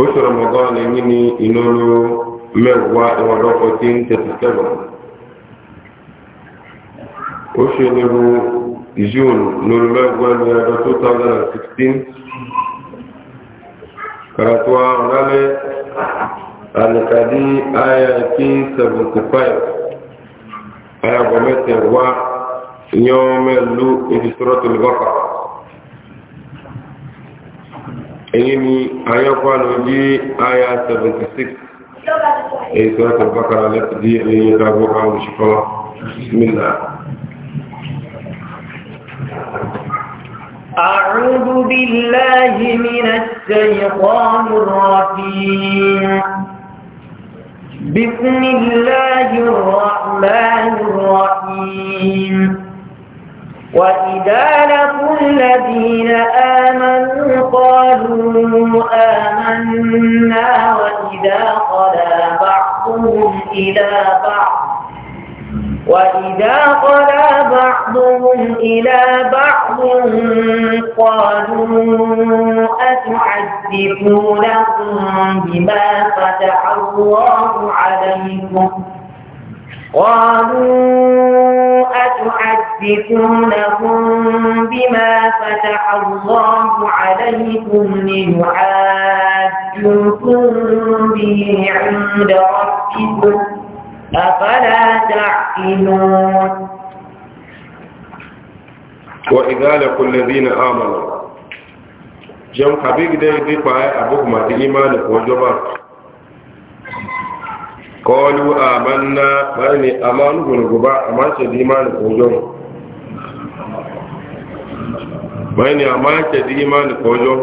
oṣù ramadan ní ní ìnáwó mẹ́wàá ìwọ̀dọ̀ fourteen thirty seven oṣù níbu june lórí mẹ́wàá ìwọ̀dọ̀ two thousand and sixteen karatu ọ̀rọ̀lẹ́ alikadi ayat seventy five ayagbọ̀mẹ́tẹ̀ wá nyọ́mẹ́lú ìdísọ́rọ́tò lùbọ́kà. إني أيا قالوا دي آية 76 أي سورة البقرة دي اللي ربوها وشفاء بسم الله أعوذ بالله من الشيطان الرجيم بسم الله الرحمن الرحيم وإذا لقوا الذين آمنوا قالوا آمنا وإذا خلا بعضهم إلى بعض وإذا خلا بعضهم إلى بعض قالوا أَتُعَذِّبُونَهُمْ بما فتح الله عليكم قالوا أتحدثونهم بما فتح الله عليكم ليحاجوكم به عند ربكم أفلا تعقلون وإذا لقوا الذين آمنوا جم حبيب دي دي أبوك ما دي إيمانك وجبارك kọlu amanna báyìí ni a máa ń gbogbo bá a máa ń ṣe díma ní kọjọ́ báyìí ni a máa ń ṣe díma ní kọjọ́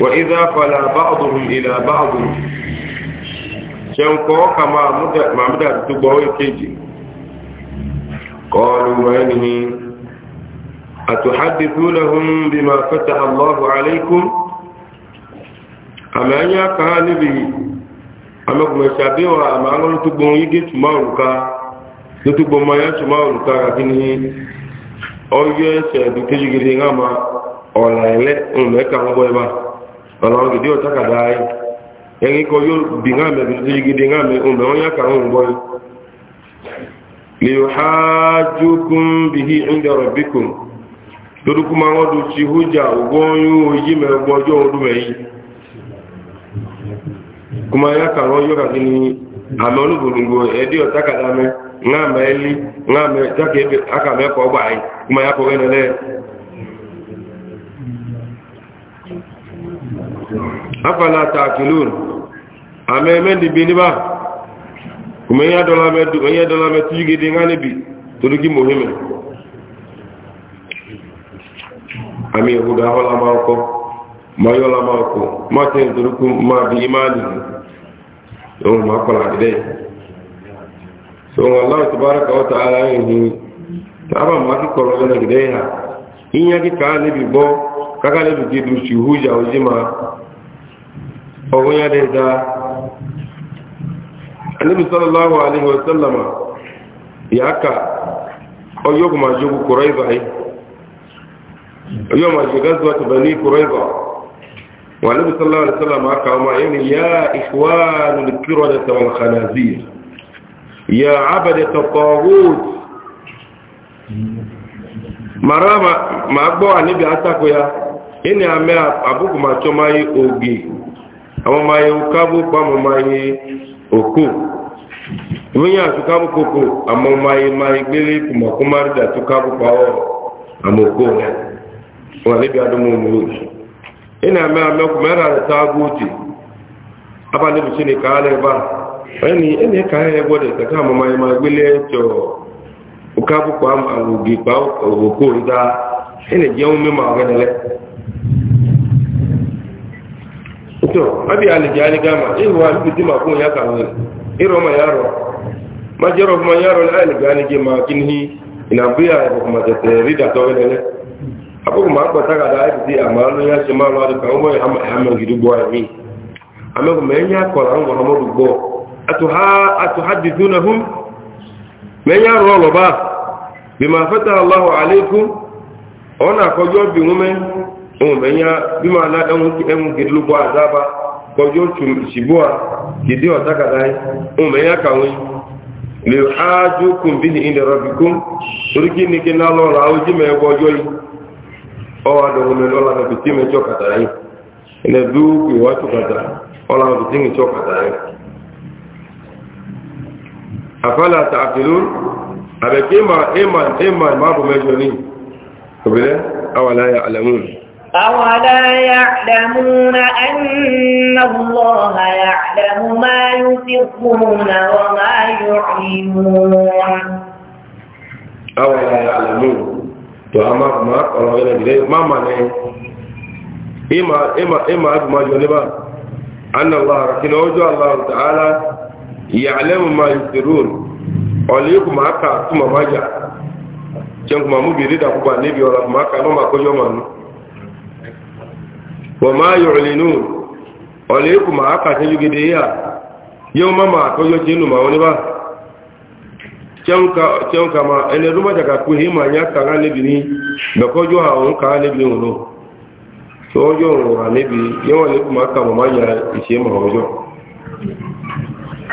wa idá fala báàbùrù ilà báàbùrù ṣe ń kọ́ ka mahamud àtúgbọ́ ìkejì kọlu báyìí ni àtúhàdìtúnahun bí ma fẹ́ta allahu alaikum àmì anya ka níbi amekume shabiwa ama angolo tugbo yige tumauluka nutugbo maya tumauluka lakini oye se dukeji gidi ngama olele umeka ngoboyeba olongi dio takadai yangi ko yo bingame dukeji gidi ngame ume onya ka ngoboy bihi kuma ya ka wọn yóò ni àmì olúgbòlùgbò ẹdí ọ̀tá kàdá mẹ́ ńlá mẹ́ jákè aka mẹ́ ọgbà gbà kuma ya kọ gẹ́ na afala ta na àmì níbà kuma ẹ̀yà dọ́là mẹ́ gidi àmì ọkọ ọkọ ìdúrúkú bí yawon makola idai so wallahu tabaraka wa ta'ala yanzu taba maki koro na idai ha in yaki ka ne bi bo kaka ne bi du shi huja ojima ogun ya dai da annabi sallallahu alaihi wa sallama ya ka oyo kuma jogu quraiza ai oyo ma jogu gazwa bani quraiza والنبي صلى الله عليه وسلم قال يا إخوان الكردة والخنازير يا عبدة الطاغوت مرama ma gbọ́ àníbi àtàkù ya inú àmì àbúkù ma tọ́ ma yí ògì àwọn ma yí kábù pàmò ma yí òkú wíyàn àti kábù kòkò àmọ́ ma yí ma yí gbélé kùmọ̀kúmárìdà tó kábù pàwọ́ àmọ́ òkú ina mai amekwu mera da ta goce abalin bici ne ka hana ba wani ina ka hana ya gwada ta kama mai magwile cewa uka bukwa agogi pa ị nda ina jẹun mímọ ọgẹdẹlẹ tó abi alìjẹ alìgama ìwà ya rọ má jẹrọ ọmọ ya rọ abu ma agbata ga da aiki amma ya ce malu adu kan wani hamar gidi gbo a mi amma kuma ya kọla an muhammadu gbo na hun men ya rọrọ ba bima ma fata allahu alaikum ona kọjọ bi wume ohun men ya na ẹnwun gidi lugbo a zaba kọjọ a ọta ga ya kawai ọwọ́ adọ́gbọ́n lọ́la bẹ̀bẹ̀ tí mi jọ kàtà yìí ilẹ̀ dúkù ìwájú kàtà ọlá bẹ̀bẹ̀ tí mi jọ kàtà yìí àfẹ́lẹ̀ àti àfẹ́lú àbẹ̀kí ìmà ìmáàbò mẹ́jọ ní òbílẹ̀ awàláyà alẹ́mùn أولا يعلمون أن الله يعلم ما يسرون وما يعلمون أولا يعلمون to ama ma ọ̀rọ̀ ẹ̀rẹ̀ ìdílé má mà ní ìmà àjùmájọ níbà annàlá kìnnà ọjọ́ aláwọ̀ tààlà ìyàlẹ́mù ma ìsìrún ọ̀lẹ́ ikú ma ká túnmọ̀ má jà jẹun kùmà mú bìrì dàkúgbà níbi ọ̀rọ̀ ma ká lọ́mà kọjọ́ ma cewuka ma ene ruma daga kuhi ma ya kaga lebini da kojo ha on ka lebi ono to ojo on wa lebi yawa le kuma ka ma ya ise ma ojo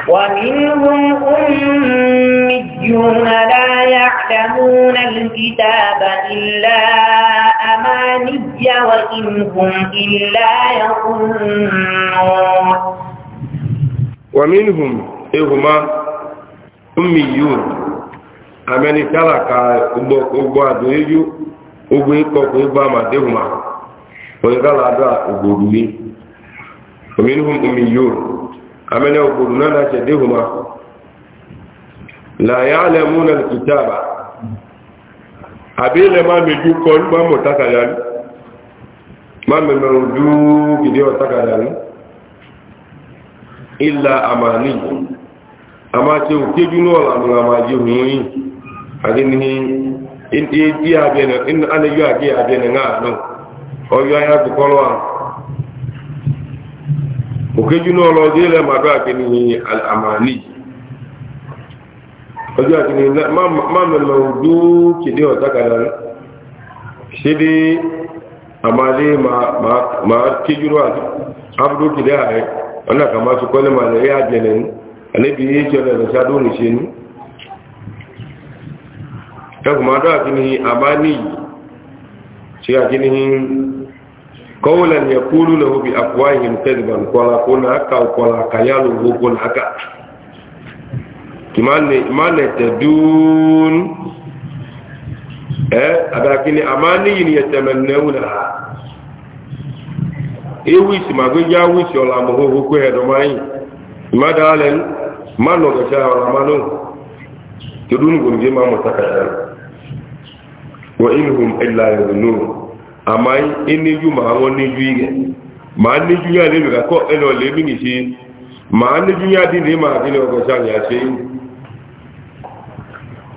ومنهم أميون لا يعلمون الكتاب إلا أماني وإن هم إلا يظنون ومنهم إهما ummiyun amẹni tálàkà ogbó àdó yíyú ogbó ikọ̀kọ̀ igbó àmàdéhùmá oníkàlà àdó ògbòrú ní ominhum ummiyun amẹni ògbòrú náà láṣẹ déhùmá làyà lẹ́múnà kìtàbà àbí ilẹ̀ máa mi dú kọ nígbà mọ̀ tákàdá ní máa mi mẹ́rùn dú gidi ọ̀ tákàdá ní ìlà ama ce ke juno la no ma ji huyi adin ni in e ti na in ana ya age abe nga no o yu ya ko kolo o ke juno lo ma ni al amani o ni ma ma ma lo du ki de o de ma ma ma ke abdu ki de ona kama su ma le ya ni anabi yi kyɔlɛ na sa do ne se nu takuma do a kini amani se a kini kɔwulan ya kulu na ho bi afuwahin kadiban kɔla ko na aka kɔla ka yalo ho ko na aka kima ne ni ya tɛmɛ nɛwu na ewisi ma ko ja wisi ɔla mo ho ko hɛ dɔ ma yi ma nọ gọcha ọra ma nọ kedu unu gomje ma mụta kacha wa inhum illa yadhunun ama ineju ma awon neju ige ma neju ya le ga ko elo le mi nisi ma neju ya di ni ma di gọcha ya se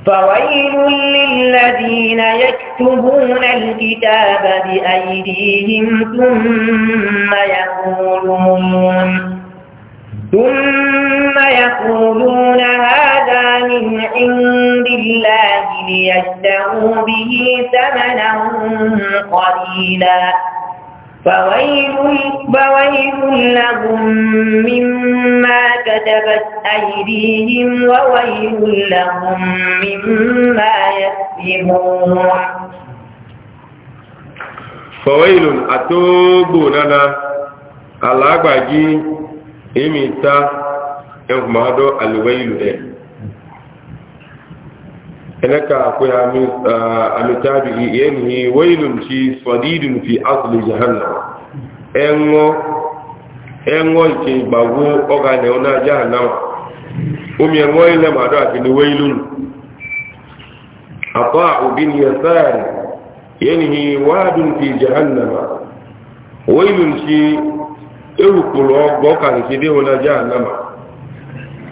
فويل للذين يكتبون الكتاب بأيديهم ثم يقولون ثم يقولون هذا من عند الله ليشتروا به ثمنا قليلا فويل, فويل لهم مما كتبت أيديهم وويل لهم مما يكسبون فويل أتوبوننا الأبجي إمتا ẹ̀rù máa dọ́ àlùwẹ́ ìlú ẹ̀ dị pé àmìtàbí ìyẹ́nìí wẹ́ìlùm ti sọ̀dídùn fi áṣìlì jahanna ẹ̀wọ́ ìṣe ìgbàwó ọgá nẹ̀ ọ́nà jahanna omi ẹ̀wọ́ ilẹ̀ máa dọ́ àti ní wẹ́ìlùm àpá òbí ni ẹ̀sáàrì yẹ́nìí wádùn fi jahanna wẹ́ìlùm ti èrùkùrọ̀ nke dé ọ́nà jahanna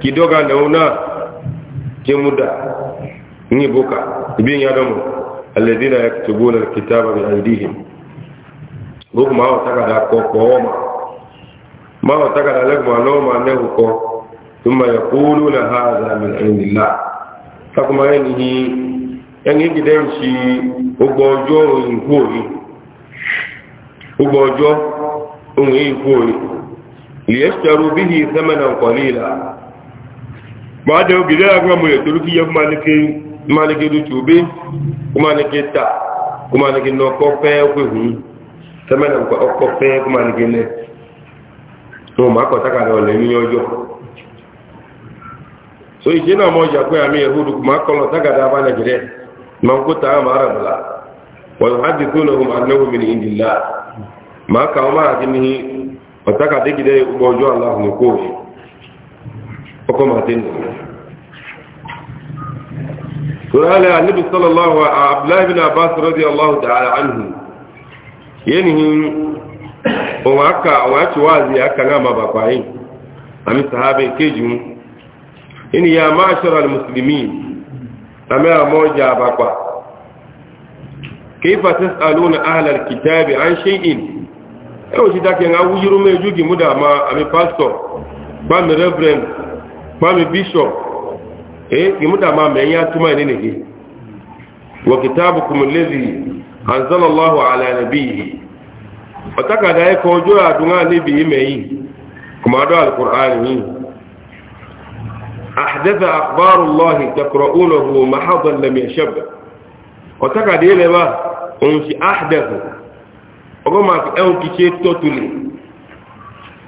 kidoga nauna kemuda ni boka ibin ya damu alladhina yaktubuna alkitaba bi aydihim boku ma wa taka da ko ko ma ma wa taka da lagma no ma ne ko thumma yaquluna hadha min indillah fakuma yanihi yan yi gidan shi ogbo ojo nko yi ogbo ojo ohun yi nko yi liyashtaru bihi thamanan qalila ma a obi da agwa mu ya turki ya kuma nake kuma nake du tube kuma nake ta kuma nake no ko na ko ko pe kuma nake ne to ma ko ta ka do le so ije na mo ja ko ya mi da ba na gire man ko ta ma wa maa ka ma ajini wa ta ka de gide ubojo ọkọ̀ máa tẹ́ nù. Tùrọ̀lẹ̀ Àníbi sallallahu Abdullahi bin Abbas radiyallahu ta'ala anhu yẹ́nìyàn òun aka òun àti wáàzì aka náà máa bàbá yìí àmì sàhábẹ̀ kéjì mú. Ìní ya máa ṣọ́ra mùsùlùmí àmì àmọ́ ìjà àbàpà. Kìí fàtí alóna ahàlàr kìtàbì à ń ṣe in. Ẹ̀wọ̀n ti dákẹ́ ń awúyírú mẹ́jú gìmúdà máa àmì pásítọ̀ gbàmì rẹ́bìrẹ́ndì mami bishop eh kimuda mama ya tuma nini hii wa kitabukum alladhi anzala Allahu ala nabiyhi wataka dai ko jo adunga nabi imei kuma do alquran hii ahdatha akhbar Allah taqra'unahu mahadan lam yashab wataka dai leba unsi ahdatha ogoma e o kiche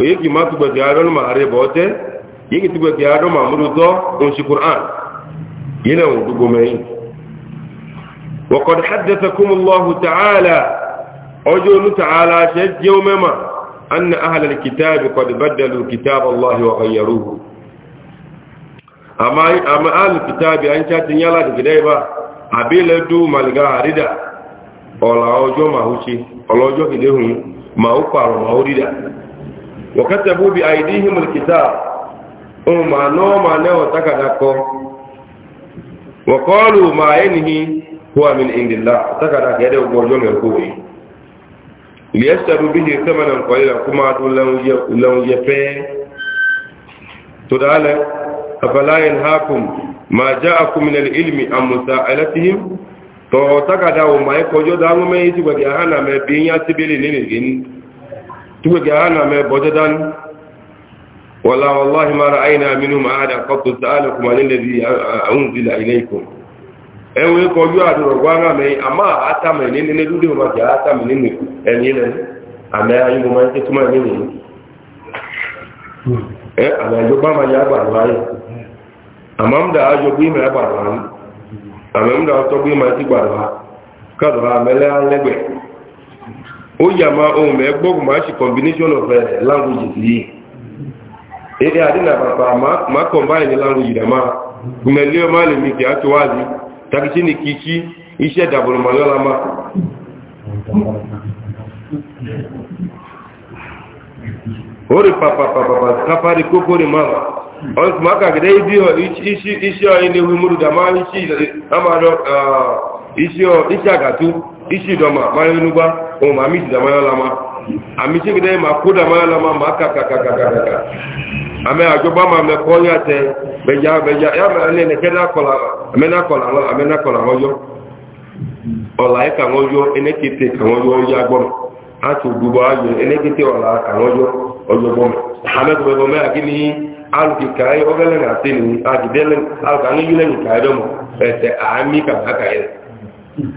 oye kì má tugbẹ̀ kì adọ́ ma àrẹ bọ̀ tẹ́ yìí kì tugbẹ̀ kì adọ́ ma múlù tọ́ ohun sí quran yìí náà wọ́n dúgbò mẹ́yìn wọ́kọ̀dẹ̀ hajjẹ́sẹ̀kún allahu ta'ala ọjọ́ olú ta'ala ṣe ọlọ́jọ́ kìdéhùn ma ó pààrọ̀ ma ó rídà وكتبوا بأيديهم الكتاب وما نوما نو تكدكو وقالوا ما ينهي هو من عند الله تكدك يدو بوجون الكوي ليشتروا به ثمنا قليلا كما لو يفي تدعى أفلا ينهاكم ما جاءكم من العلم عن مساءلتهم تو تكدوا ما يكوجو دامو ميتي وكي أهانا مبين ياتي بلي نيني tuwe ga na me bodadan wala wallahi ma ra'ayna minhum ahada qattu a an alladhi unzila ilaykum ewe ko yu ama ma ja ata me ni eni ne ma ke tuma ni ni eh ala ma ya ba ó yà máa ohun mẹ́ gbọ́gùn máa ṣe combination of eh, language yìí èdè àdínà pàpà máa combine ní language dà ma gùnmẹ̀lẹ́ ọmọ lè mi kì á tó wá ní tàbí sí ni iṣẹ́ ìdàbọ̀lù màá lọ́la ó rí pàpàpàpàpà kápárí kókó rí máa ọ̀n tí máa kàkẹ́dẹ́ ibi iṣẹ́ iṣẹ́ àgàtú ishi dɔma Enugba, o ma ami dida lama ami ma kuda da lama ma kakakakakaka ame adzɔba ma mɛ ya tɛ bɛdza bɛdza ya mɛ ɛlɛ nɛkɛ na kɔla mɛ na kɔla ŋɔ na kɔla yɔ ɔla yɛ e ka yɔ Ene kete ka yɔ ya gbɔ mɛ atu dubɔ ayɔ Ene kete ɔla ka yɔ ɔyɔ gbɔ mɛ ame gbɔ mɛ alu kika yɛ lɛ se ni lɛ alu ka yi lɛ ami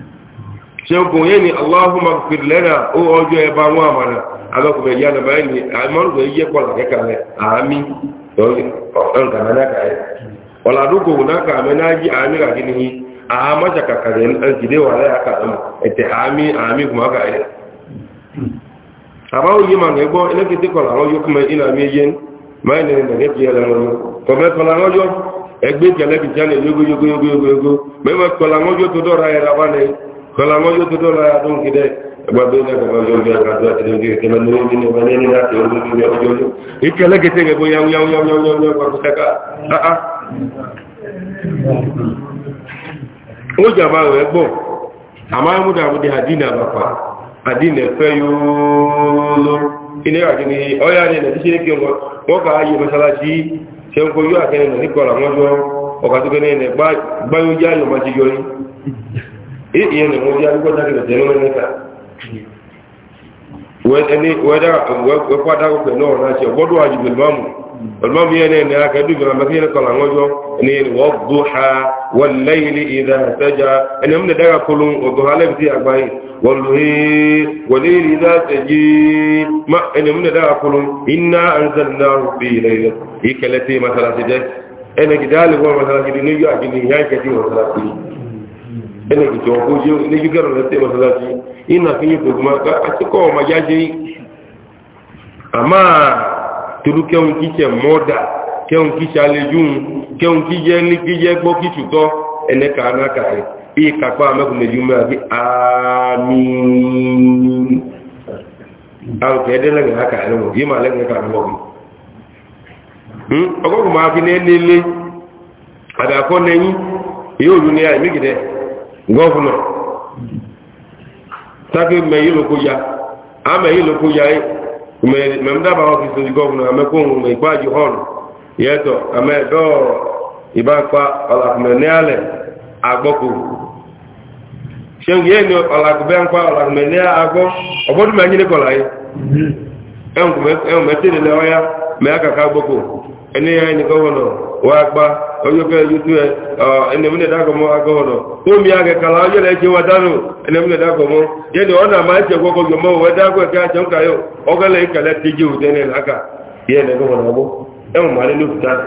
ṣẹ́gun yẹ́ ni aláhùnmá fìrì lẹ́nà ó ọjọ́ ẹba wọn àmàrà alọ́kùnrin ìyá nàbà ẹni àmọ́rùn-ún yẹ́ pọ̀ làkẹ́kà rẹ̀ àmì ọ̀nkànáàkàrẹ̀ ọ̀làdúgbò náà mẹ́nájí àmì ràgínihì àmọ́sàkàkàrẹ̀ ẹ̀jìdé wà láyàkàrẹ̀ ẹ̀tẹ̀ àmì àmì kùmákàrẹ̀ ya yìí màá gbọ́ ẹlẹ́kẹ̀tẹ̀ ẹgbẹ́ tó dọ́ra kọlá wọn yóò tó lọ àdó nkìdẹ ẹgbà bí ẹgbà bá yọ ọjọ àgbàdo àti ẹgbẹ ìkẹlẹ ní orí ní ọba lẹni láti ọdún ní ọjọ ọjọ ìkẹlẹ gẹtẹ gẹgbó ní iya ne mo ya ko na ke de ne ka we ni we da we ko da ko no na che bodu aji bil mamu wal mamu yene ne aka du bil mamu yene ko la ngojo ni wa duha wal layl idha saja mun da o duha le bi agbai wal layl idha saji ma mun da inna anzalnahu ikalati masalati ene masalati ni ti masalati ene ki jo ko je ne ju gero le te masalaji ina ki yuko kuma ka atiko ma jaje ama tulu ke un kiche moda ke un kiche alejun ke un kije ni kije gbo kituto ene ka na ka e bi ka pa me ku meju me abi amin aw ke de le na ka le mo bi ma le ka mo hmm ogo ma ki ne ne le ada ko ne yin yo lu ne ai mi gide gọ́vùnà sáké mẹ́yìn lóko ya á mẹ́yìn lóko ya yìí mẹ́mdábà ọ́fíìsì ní gọ́vùnà amẹ́kọ̀ọ́hùn ìgbájú hàn yẹ́tọ̀ amẹ́dọ́ ìbápa ọ̀làkùnmẹ́níàlẹ̀ agbọ́kù ṣéun yẹ́ ni ọ̀làkùnmẹ́ńpa ọ̀làkùnmẹ́níà agbọ́ ọ̀bọ́dún mẹ́yìn ní ma yìí ẹ̀hùn mẹ́tẹ́lẹ̀ ya oyoke yutue enemine e agohono tomi age kala oyo le je wadano enemine dakomo yeni ona ma je gogo yomo weda ko ka jonka yo ogale kale tiji udene go na bo emu mare lu ta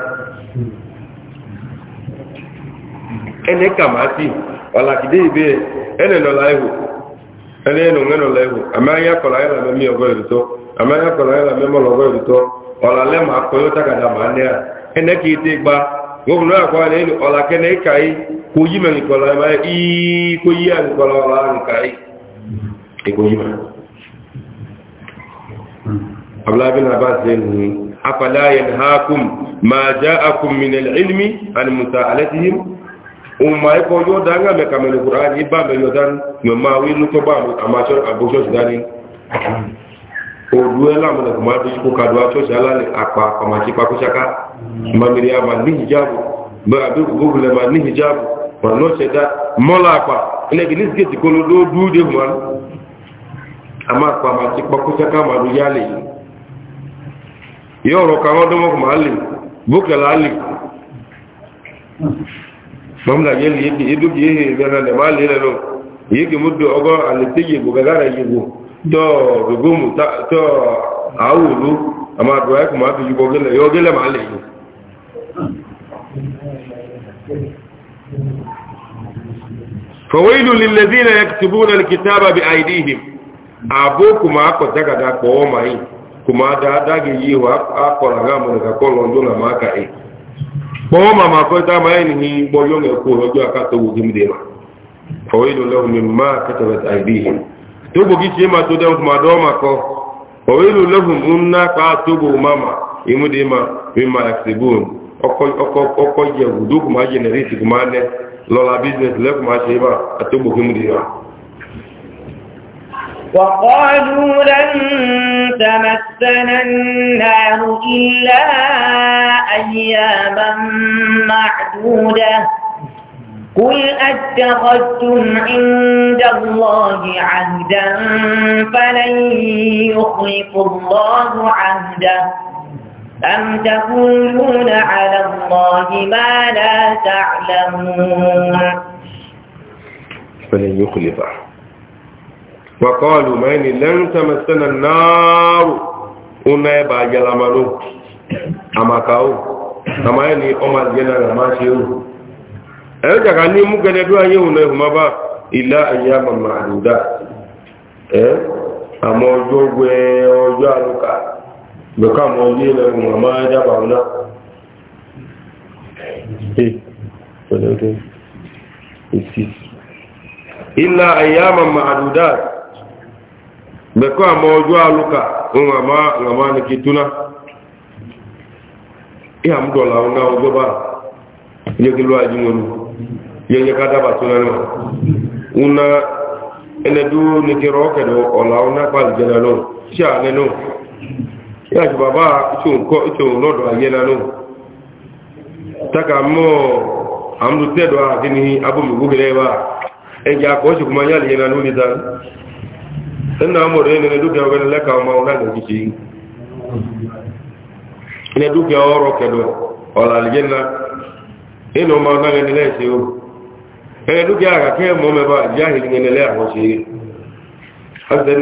ene kamati ola kide ibe ene no laihu e ene no ngeno e ya ya e me mi ya ya me mo le ma ko yo da ma ne ene ki gba wọn náà kọ́ ní ọ̀là kẹ́nẹ́ ìka yìí kò yí mẹ́ nìkọ̀lọ́ ẹ̀mà yìí kò yí ànìkọ̀lọ́ ọ̀là nìka yìí èkó yí mẹ́. abúlábìn àbá ṣe ń ní afalá yẹn hákùm máa já akùm mìnẹ̀lẹ̀ ilmi alimusa alẹ́tìhìm òun máa ikọ̀ yóò dá ńgá mẹ́ka mẹ́lẹ̀ kúrò ẹ̀ mamiri ama ní hijabu bóbulẹ̀ ma ni hijabu ma ní ọ̀ṣẹ̀ dá mọ́lá àpá ẹlẹ́gbẹ̀ ní síkẹ̀tì kó ló dúró dé mọ́ a máa ma ti pọ́kúṣẹ́ ma ló yá lè yọ ọ̀rọ̀ kan ọdún mọ́kù máa lè bókẹ̀lá lè mọ́mùlá ma lè yébi edóbi yéhe ìrẹ́nà lè máa lè lẹ́nu yéke mú do ọgọ́ àlètéyè gbogbo fawailu lillazina yaktubuna alkitaba bi aydihim abo kuma ko daga da ko mai kuma da dage yi wa akora ga mu daga ko londo na maka e ko ma ma ko ta mai ni bo yo ne ko rojo aka to wudi mu de ma fawailu lahum mimma katabat aydihim to bo gi ma to da ma do ma ko fawailu lahum unna ka to bo mama imu de ma mimma yaktubuna lọ́la ṣe bá وقالوا لن تمسنا النار إلا أياما معدودة قل أتخذتم عند الله عهدا فلن يخلف الله عهده أم تقولون على الله ما لا تعلمون فلن يخلفه وقالوا من لن تمسنا النار una ba jalamanu amakao amaya ni oma jena na mashiru ayo jaka ni mu gade do aye una huma ba illa ayyama ma'duda eh amo jogwe ojo aluka na e bẹ̀ká mọ́ ilé lẹ́gbùn àmá jábà ọ̀nà ilá àyàmà ma'adùdá bẹ̀ká mọ́ ọjọ́ alùkà ọmọ ní kí túná ìhà mú dọ̀là ọ̀nà ọjọ́ bá ilé kí ló àjí wọn yẹnyẹ ká dábà túná náà una ẹnẹ́dú ní kí rọ́ọ̀kẹ̀dọ̀ ọ̀là ọ̀nà pàlìjẹ́ náà náà yáà ṣe bàbá ìṣòun lọ́dọ̀ ayé lánàá taka mọ́ àmúlò tẹ́dọ̀ àti ní abúmìgbógẹ́lẹ́ wa ẹgbẹ́ akọ́ṣù kúmọ yáà lè lánàá ní ta ẹnà àmọ̀rẹ́ ẹnìyàn dúkìá ọgbẹ́ni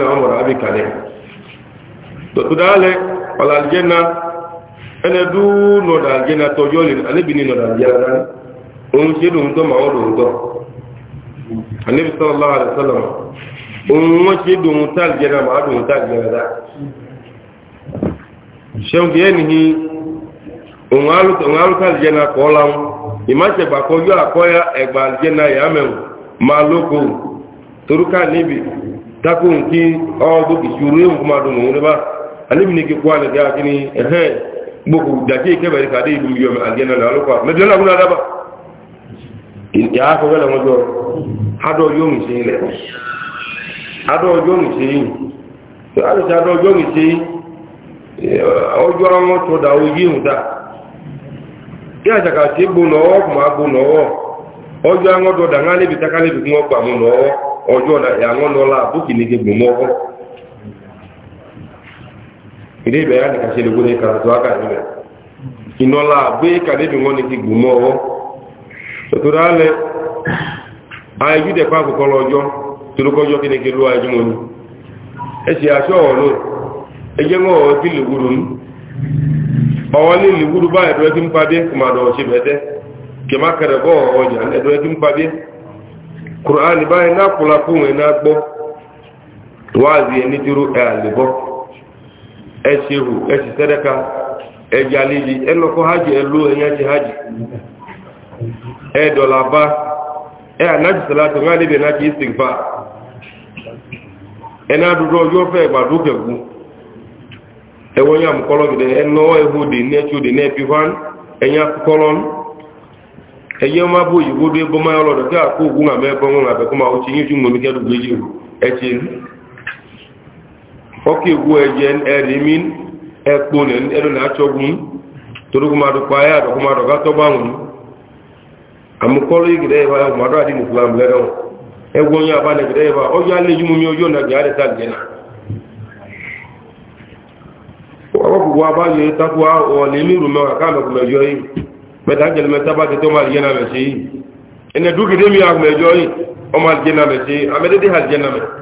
ọmọ ọlọ́dọ̀ kìí ọ̀là àlìjẹ́nà ẹnẹ́dú nọ̀dà àlìjẹ́nà tọ́jú ọ̀lẹ̀ alẹ́bìnrin nọ̀dà àlìjẹ́nà náà òun ma. lòun tọ́ màá lòun tọ́ alẹ́bí sọ́lá a òun wọ́n ṣe lòun tá àlìjẹ́nà màá lòun tá àlìjẹ́nà náà ṣẹ́un bí ẹni hi òun alimi ne ke kwa ne ga kini ehe boku da ke ke bari ka dai dum yo me aljanna la lokwa me dela kuna daba in ya ko wala mo hado yo mi se le hado yo mi se to alo ta do yo mi se o jo ran mo to da o yi da ya ja ka se bo no ma bo no o jo an o do da ngale bi takale bi ko pa mo no o jo ya ngo la bu kini ke gbo mo ilé ibẹ̀ yá ni kà ṣe lè gbóni kà tó ákà níbẹ̀ ìnọ́lá gbé kàdébì wọn ni ti gbù mọ́ ọwọ́ tòtòrò alẹ́ ayéjú dẹ̀ pa àkókò lọ́jọ́ torókọ́jọ́ kí ni kí ló ayéjú wọn ni ẹ̀ṣẹ̀ aṣọ ọ̀nù ẹjẹ́ ń ọ̀ọ́ sí na ẹ̀ṣẹ̀ hù ẹ̀ṣẹ̀ sẹ́dẹ́ka ẹ̀jẹ̀ àlejì ẹlọ́kọ́ hajj ẹlú ẹ̀yẹ́jẹ̀ hajj ẹ̀dọ̀là bá ẹ̀ ànájì sàlátì wọn níbi ẹ̀nájì ìsìnkfà ẹ̀nà àdúró yóò fẹ́ adị kẹ̀kú ẹ̀wọ́n yà mú kọ́lọ́ gidẹ ẹ̀nà ẹ̀hó dè ní na òdè ní ẹ̀fí fán ẹ̀yà kọ́lọ́ ẹ̀yẹ́ má bó ìgbódé ọkà egwu ẹjẹ ẹrìmí ẹkpó ẹnu na-achọgwun torokùmadù kwaya àdọkùmadù gátọgbàwùn àmúkọrọ ìgìdẹ ìwà ọmọdé àdín islam lẹ́nà ẹgbẹ́ onye àbálẹ̀ ìgìdẹ ìwà ọjọ́ alẹ́ yìí mú mi ọjọ́ nàgbé àdẹ́ta gẹ̀ẹ́nà ọkùnkùn abáyọ takuwa ọ̀lẹ́ mírù mẹ́wàá mi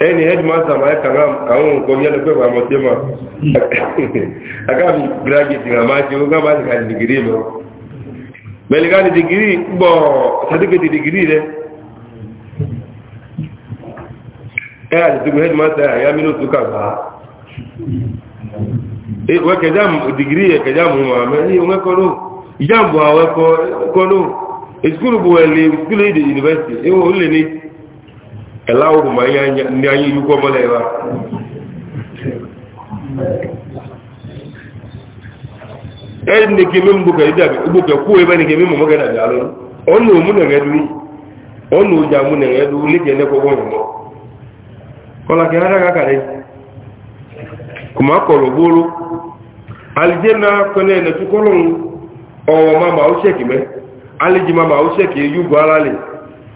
ẹni headmaster ma ẹka àwọn nǹkan yẹnu pé wà mọ̀tí ma akáàbí graduate ìrìn àmá ṣe ogá bá ti ka dìgírí lọ pẹ̀lú ká ní dìgírí gbọ́ certificate dìgírí rẹ ẹ àtìtìgbò headmaster àyà mi ló tún kà gbà wọ́n kẹjá dìgírí yẹ kẹjá mú ma mẹ́ ní òun ẹkọ́ ló ìjáàbò àwọn ẹkọ́ ló ìsukúrù bò wẹ̀ lè ìsukúrù yìí dé university ìwọ̀n ó lè ní ẹ̀lá òrùn ma ní ayé yúkọ́ mọ́lẹ̀ ẹ̀wà ẹ̀yìn ní kí mímú bùkẹ̀ ìdàbí ìgbòkẹ̀ kú ẹgbẹ́ ní kí mímú mọ́kẹ́ dàbí alọ́ ọ̀nà òmú nẹ̀rẹ́dúrí ọ̀nà òjà mú nẹ̀rẹ́dúrí ní kẹ́ẹ̀ẹ́ kọ́kọ́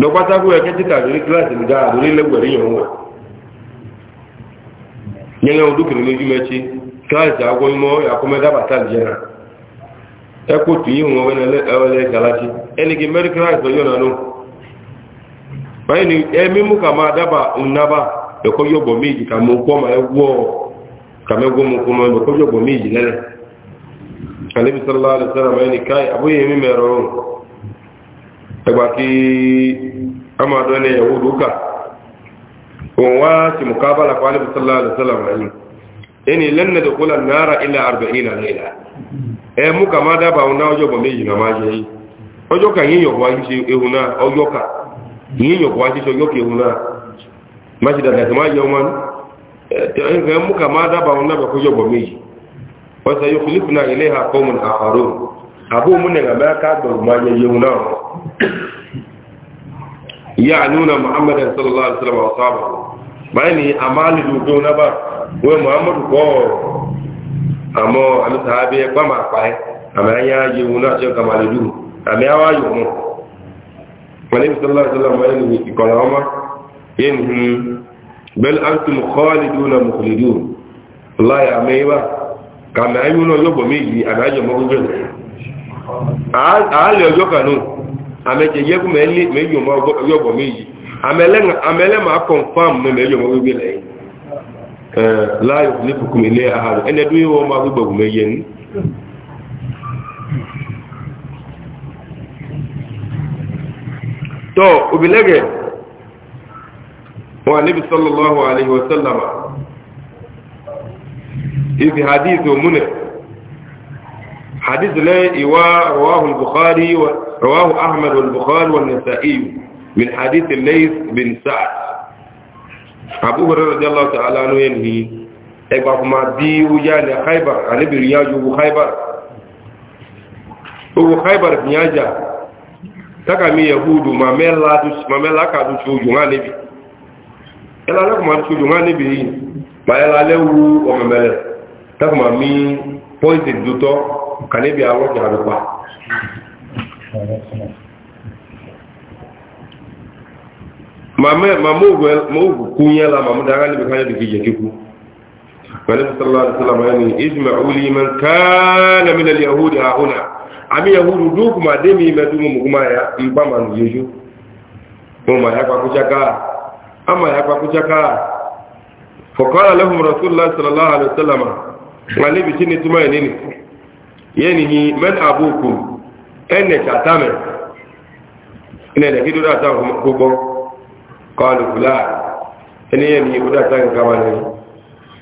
dɔgbata ko ɛkɛ ti ka lori kilasi mi gaa lori lɛ wɛri yɔn wɛ nyɛŋɛ o dukiri ni jumɛn tsi kilasi agɔnyumɔ yakɔmɛ daba ta liɛ na ɛkò tu yi ŋɔ wɛnɛ lɛ ɛlɛ galati ɛnigi mɛri kilasi lɔ yɔna no bayani ɛmi mu kama daba nnaba ɛkɔ yɔbɔ meji kama kɔma ɛwɔ kama ɛwɔ mu kɔma ɛkɔ yɔbɔ meji lɛlɛ alebi sallallahu alaihi wa sallam ɛni kai abo yɛ mi mɛrɛ o ẹgbà kí a máa dọ́ ní ẹ̀wọ́ òdúkà òun wá ti mú kábàlà fún alẹ́bù sọ́lá àlùsọ́lá wáyé ẹni lẹ́nà tó kúlà náírà ilẹ̀ àrùbẹ̀ ìlà lẹ́yìnlá ẹ mú ká má dábàá òun náà ọjọ́ bọ̀ méjì náà máa jẹ yìí ọjọ́ ká yín yọ̀bọ̀ ayé ṣe ewu náà ọjọ́ ká yín yọ̀bọ̀ ayé ṣe ọjọ́ ká ewu náà má ṣe dàgbà sí má yẹ wọn ẹ mú ká má dábàá òun náà bẹ̀ kọjọ́ bọ̀ méjì ọ̀sẹ̀ yóò fìlípù ya nuna muhammadin sallallahu alaihi wasallam wa sahaba bayani amali du do na ba we muhammadu ko amo ami sahabe pa ma pa e ami anya yi wuna se kamali du ami awa yi mu wani sallallahu alaihi wasallam bayani ikola ma yin bal antum khaliduna mukhlidun wallahi ameba kama ayuno yobo meji mo gbe a a le ọjọ́ kanu amẹ́jẹ yẹ́kú mẹ́yọ̀mọ́ yọ̀bọ̀ méjì amẹ́lẹ́ máa confam mẹ́yọ̀mọ́ gbígbé lẹ́yìn láyọ̀ ní kùkùn ilé ààrùn ẹni ẹdún yíwọ́ máa gbígbẹ̀gùn mẹ́yẹ ní tọ́ obìnẹ́gẹ̀ wọn níbi sọ́lọ́lọ́wọ́ àlèyìn wọ́sẹ́lẹ̀mà ìfì hadith òmúnẹ̀ hadith lẹ́ ìwà rọwáhùn bukhari wa رواه أحمد والبخاري والنسائي من حديث الليث بن سعد أبو هريرة رضي الله تعالى عنه ينهي إبقما بيو يعني خيبر عن ابن ياجو خيبر هو خيبر بن ياجا تكامي يهود ما ملا دوش ما ملا كادو شوجو ما نبي إلا لكم شوجو ما نبي ما يلا له وما ملا تكما مي بوينت دوتو كان يبي أروح يعرفها mame mame ogu kunya la mamu da ngani bikanya dikije kiku wani sallallahu alaihi wasallam yani ijma'u li man kana min al-yahudi hauna ami yahudu duku ma demi medumu mukuma ya mpama njeju mama ya kwa kuchaka ama ya kwa kuchaka fakala lahum rasulullah sallallahu alaihi wasallam ngani bitini tumaye nini yani man abukum ẹnẹ̀tì àtàmẹ̀ ẹnẹ̀tì kí dúdà sáà gbogbo kọlù fúlà ẹniyẹn ni dúdà sáà nǹkan bá nẹ́yìn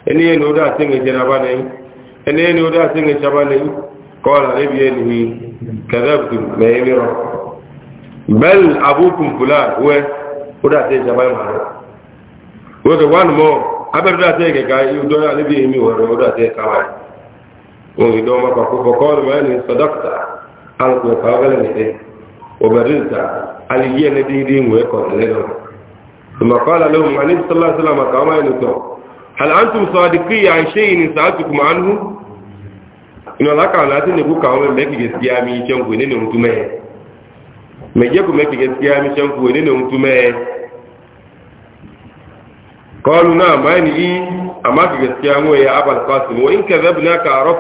nke ni dúdà sí nǹkan jẹrà nke nẹ́yìn ẹniyẹn ni dúdà sí nǹkan sábà nẹ́yìn kọlù àrẹ́bí ni kẹrẹ́bùtù mẹ́yìn mìíràn bẹ́ẹ̀lì abúkùn sí wọ́n abẹ́rẹ́ sí alùpùpù ẹ̀ka ọ̀gẹ́lẹ̀ nìyẹn ọ̀bẹ̀rẹ̀ta alìyí ẹni dídí ìwé ẹ̀kọ́ lẹ́nu ìmọ̀kọ́lá lóhùn àní sọ́lá sọ́lá màkà ọmọ ẹni na hàlẹ́ àǹtùm sọ àdìkú ìyá ṣé ìní sàátùkù máa ń hù ìnà lákà láti nìkú káwọn mẹ́kìkì sí àmì ìṣẹ́nkù nínú ohun túmẹ́ mẹ́jẹ́kù mẹ́kìkì sí àmì ìṣẹ́nkù nínú ohun túmẹ́ náà máa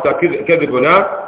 sí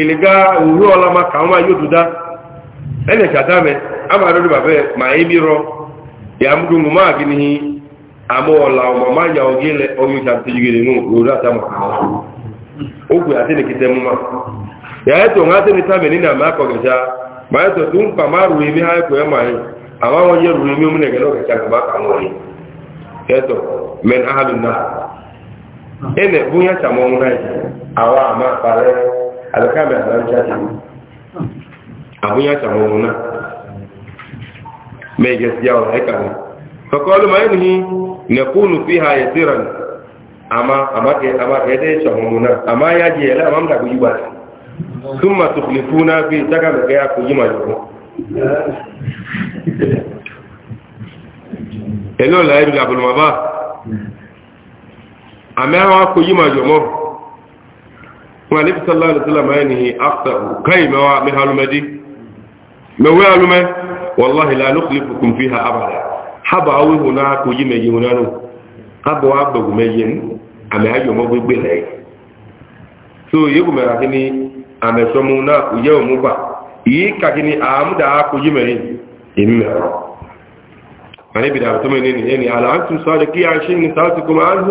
ìlígá òwú ọlọ́mà kàwọn yóò dúdá ẹni ṣàtàmẹ́ amàdọ́dọ́ bàbẹ́ ma ebi rọ ìyàmúdùnmù máa gí ní àmọ́ ọ̀la ọmọ máa yà ọgí ilẹ̀ ọyọ́ ṣàtìjìgìrì àti mú ma yàtọ̀ ń hátẹ́ ní tàmì nínú àmì akọ̀gẹ̀ṣà ma yàtọ̀ tó ń pa má rù èmi háìkọ̀ ẹ̀ máa yìí àwọn àwọn yẹ rù èmi ó múnẹ̀ kàmá alaka bẹ̀rẹ̀ àlọ́jà ti àbúyá àtàwọn ọmọ náà mẹ́jẹ sí àwọn ẹ̀ka rẹ̀ kọ̀kọ́ ló máa ní nẹ̀kúnù fi ha ẹ̀sìn rẹ̀ àmà àmàkẹ́dẹ́ ìṣàwọn ọmọ náà àmà yájì ẹ̀lẹ́ àmà ń dàgbé yíwá túnmà tó fi fún náà bí àbùlùmọ̀ bá àmì àwọn mọ́ ŋa ne sallallahu alaihi wasallam ayi ni akta kai me wa me halume di me we halume wallahi ha nukhlifukum ha abada haba awi huna ko yi me yi huna no abo abagu me yi ame ayo mo so yego me rakini ame so na ba yi kakini amuda ko yi me yi imi me ro ani bi da to ne ni ni ala an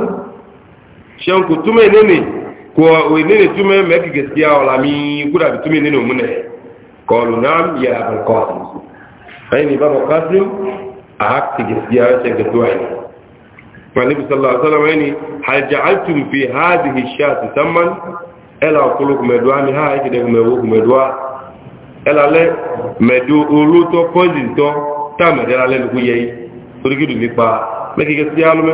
ni kuwa wenene tume meki gaskiya wala mi kuda bi tume nene mune qalu nam ya abul qasim aini babu qasim a hakki gaskiya wace ga tuwa ne wani sallallahu alaihi wasallam aini hal ja'altum fi hadhihi shati samman ela kuluk medwa mi ha yake da mewo medwa ela le medu uluto poison to tamedela le ku yeyi torigi du mi pa meki gaskiya lume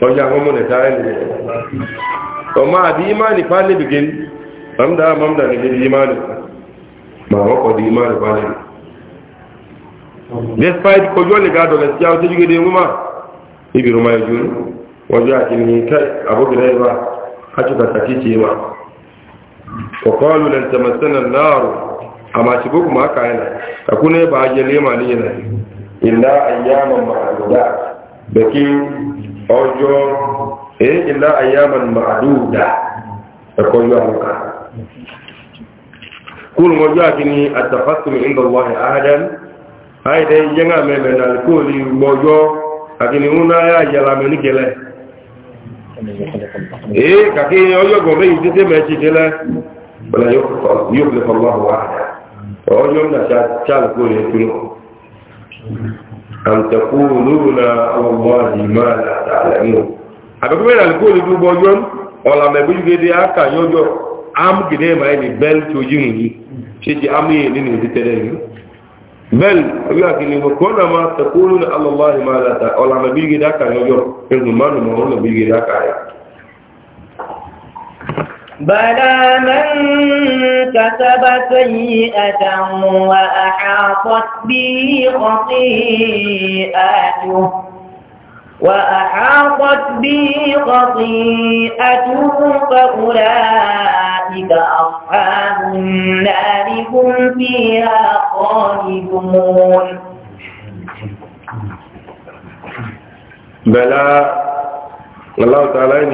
ọjà ọmọ nẹ̀ta ẹni ọmọ àbí ìmáàlì pa níbi gẹ́ni mamda mamda ní bí ìmáàlì ma wọ́pọ̀ di ìmáàlì pa níbi despite kojú ọ̀lẹ̀ gádọ̀ lẹ̀ sí àwọn tó jùgede mú máa ibi rọmọ ẹjú wọ́jú àti ní abúgbìnrin ẹ̀bá àtúkà sàkíkì ma kọ̀kọ́lù lẹ̀ tẹ̀mẹ̀sẹ̀nà náàrù àmà àtìkókù máa kàáyìnà kàkúnẹ́ bá ajẹ́ lé màá níyìnà ìlà àyàmọ̀ màá lọ́dà bẹ̀kí ọjọ́ èyí ìlà àyàmàn màdúdà ẹ̀kọ́ yóò àmúkà kúrò ọjọ́ àkíní àtàfàtùmí ìgbàwà àádán àìdẹ̀ yẹ́ngà mẹ́mẹ́ nà kóòlì gbọ́jọ́ àkíní ń náà yà yàlà mẹ́nìkẹ́lẹ̀ èyí kàkí ọjọ́ gọ̀ọ́mẹ́ yìí títí mẹ́ẹ̀kì délẹ̀ wọ́n yóò fi fọlọ́ àwọn àádá ọjọ́ náà أم تقولون والله ما لا من الكل يقول بيون بيجي دي أكا يوجو am gide ma ni bel to yingi shiji am ye ni ni tere ni bel ya kini ko kona ma taquluna allah ma la ta wala ma بلى من كسب سيئة وأحاطت به خطيئته وأحاطت به خطيئته فأولئك أصحاب النار هم فيها خالدون بلى الله تعالى إي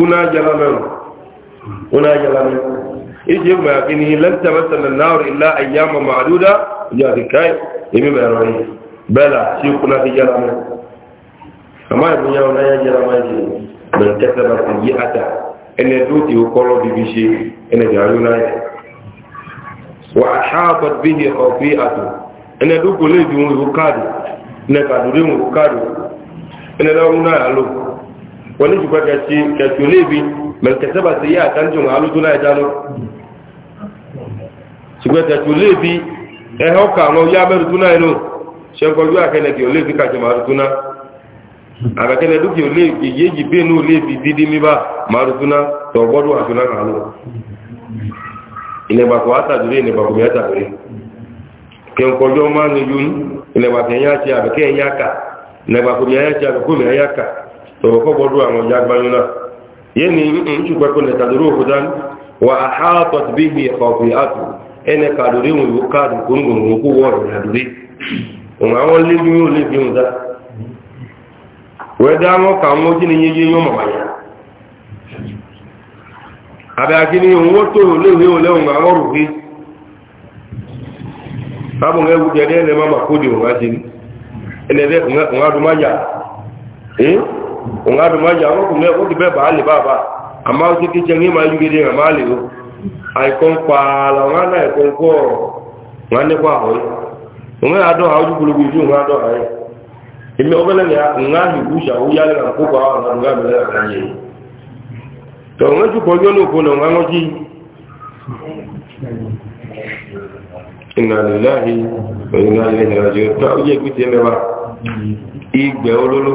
كنا جلمنا una jalami ije ma yakini lan tamassana an-nar illa ayyama ma'duda jadi kai imi barani bala shi kuna fi jalami amma ibn yau na ya jalama ji man kasaba sayyi'ata ene duti ukolo bibishi ene jaruna wa ahatat bihi khati'atu ene duko le dun ukadi ene kadure mu ukadi ene lawuna alo mẹ̀lẹ̀kẹ̀sẹ́bà sí yá àtàríjùn alójúlá ìdáná ṣùgbẹ́tẹ̀tù léèbí ẹ̀hẹ́ ọkà àwọn yá mẹ́rùtúná inú ṣẹ́kọ̀ọ́jú àkẹ́nẹ̀kì oléèbí kàṣẹ màrùtúná àkẹ́kẹ́nẹ̀ dúkì oléèbí yéjì bẹ́ẹ̀nú oléèbí dídí mímá màrùtúná tọ̀gbọ́dún àtúná kàánú ìnẹ̀bàkọ̀ átàdúrí ìnẹ̀bàkọ̀ mẹ́tàdúrí kẹ́ńkọ̀ọ́jọ́ máa ń yún ìnẹ̀bàkọ̀ ẹ̀yà àti àbẹ̀kẹ́ ẹ̀yà kà ìnẹ̀bàkọ̀ mẹ́yà àti àbẹ̀kọ̀ mẹ́yà kà tọ̀gbọ́dún àwọn ìyá gbayún yẹni nṣu pẹ̀kọ́ lẹ́tàdúró òkúdán wà àhátọ̀t bí i ọ̀pọ̀ ìyàtù ẹnẹ kàdùrí wọn yóò káàdù kóngbòmù kó wọ́n ìrìnàdúrí òun àwọn lébi yóò lébi wọn dá wẹ́dá ẹwù jẹ́dẹ́ ẹnẹ kó di òun á ti ẹnẹ nga bi maja ngo kume o di be ba ali baba ama o ki jengi ma yu gidi ma ali o ai kon pa la nga na kon ko nga ne kwa ho nga ado ha ju bulu ju nga ado o bele ya nga yu bu o ya le na ko ba nga to nga ju ko yo no ko nga ji inna lillahi wa inna ilaihi raji'un ta o ye igbe ololo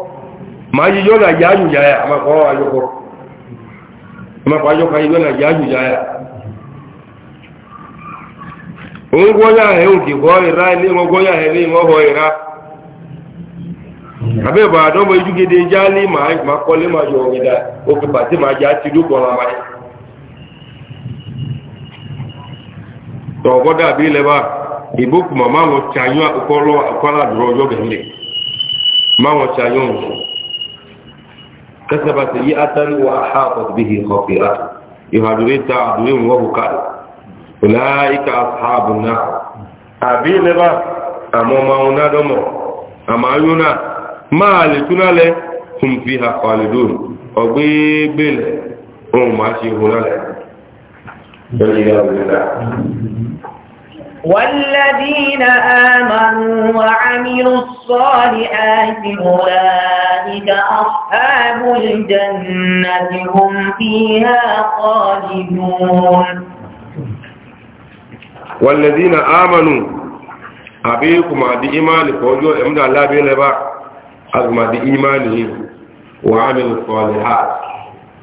ma yi yọ na yaaju yaya a ma kọ ayọkọ a ma kọ yọ na yaaju yaya òun gbọ́nyà ẹ̀ ń kì kọ́ ìra ilé wọn gbọ́nyà ẹ̀ ní wọ́n họ ìra àbẹ́bà àdọ́mọ ìjúgede já ní màá kọ́lé máa yọ ọ̀gẹ̀dà òkè já ti dàbí lẹ́bà àkọ́lá dùrọ̀ ọjọ́ òun كسبت سيئة وأحاطت به خطيئته يهاجرين تعدلين وهو قال أولئك أصحاب النار أبي لبا أمو ماونا دمو أما يونا ما لتنا له هم فيها خالدون أبي بل هم ماشي هنا له فالعياذ بالله والذين آمنوا وعملوا الصالحات أولئك أصحاب الجنة هم فيها خالدون والذين آمنوا أبيكم عدي إيمان فوجو أمد الله بين لبا أبيكم عدي إيمانه وعملوا الصالحات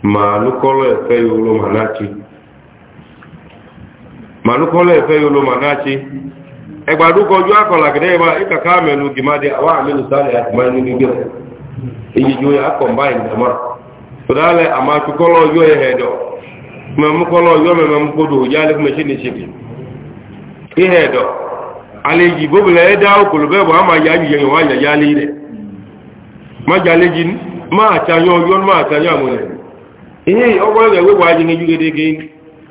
ما نقول يفيروا مناكي manukɔlɔ efe fɛ yolo ma n'a achị ẹgbàdụkọ akɔla akọla yɛ ba e ka k'a awa aminu sani atuma yi nugu iji yi dama tora lɛ amatukɔlɔ yɔ yɛ hɛ dɔ mɛmukɔlɔ yɔ mɛmɛmukodo ya ale kumɛ sini sini yi hɛ dɔ ale yi ama ya ma ma ma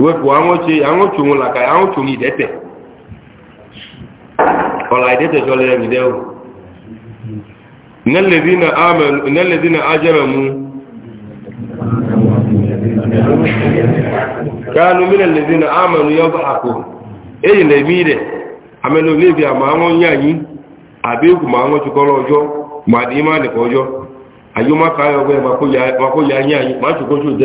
wepụ anwụchi anwụchi nwụla ka anwụchi nwụ idete ọla idete jọla ya gide o nalladina ajaramu kanu min alladina amanu yadhaku eyi na emi de amenu lebi ama anwụ onye anyị abi egwu ma anwụchi kọrọ ọjọ ma dị ime adịka ọjọ ayụ maka ya ọgbọ ya makwụ ya anyị anyị ma chụkọchi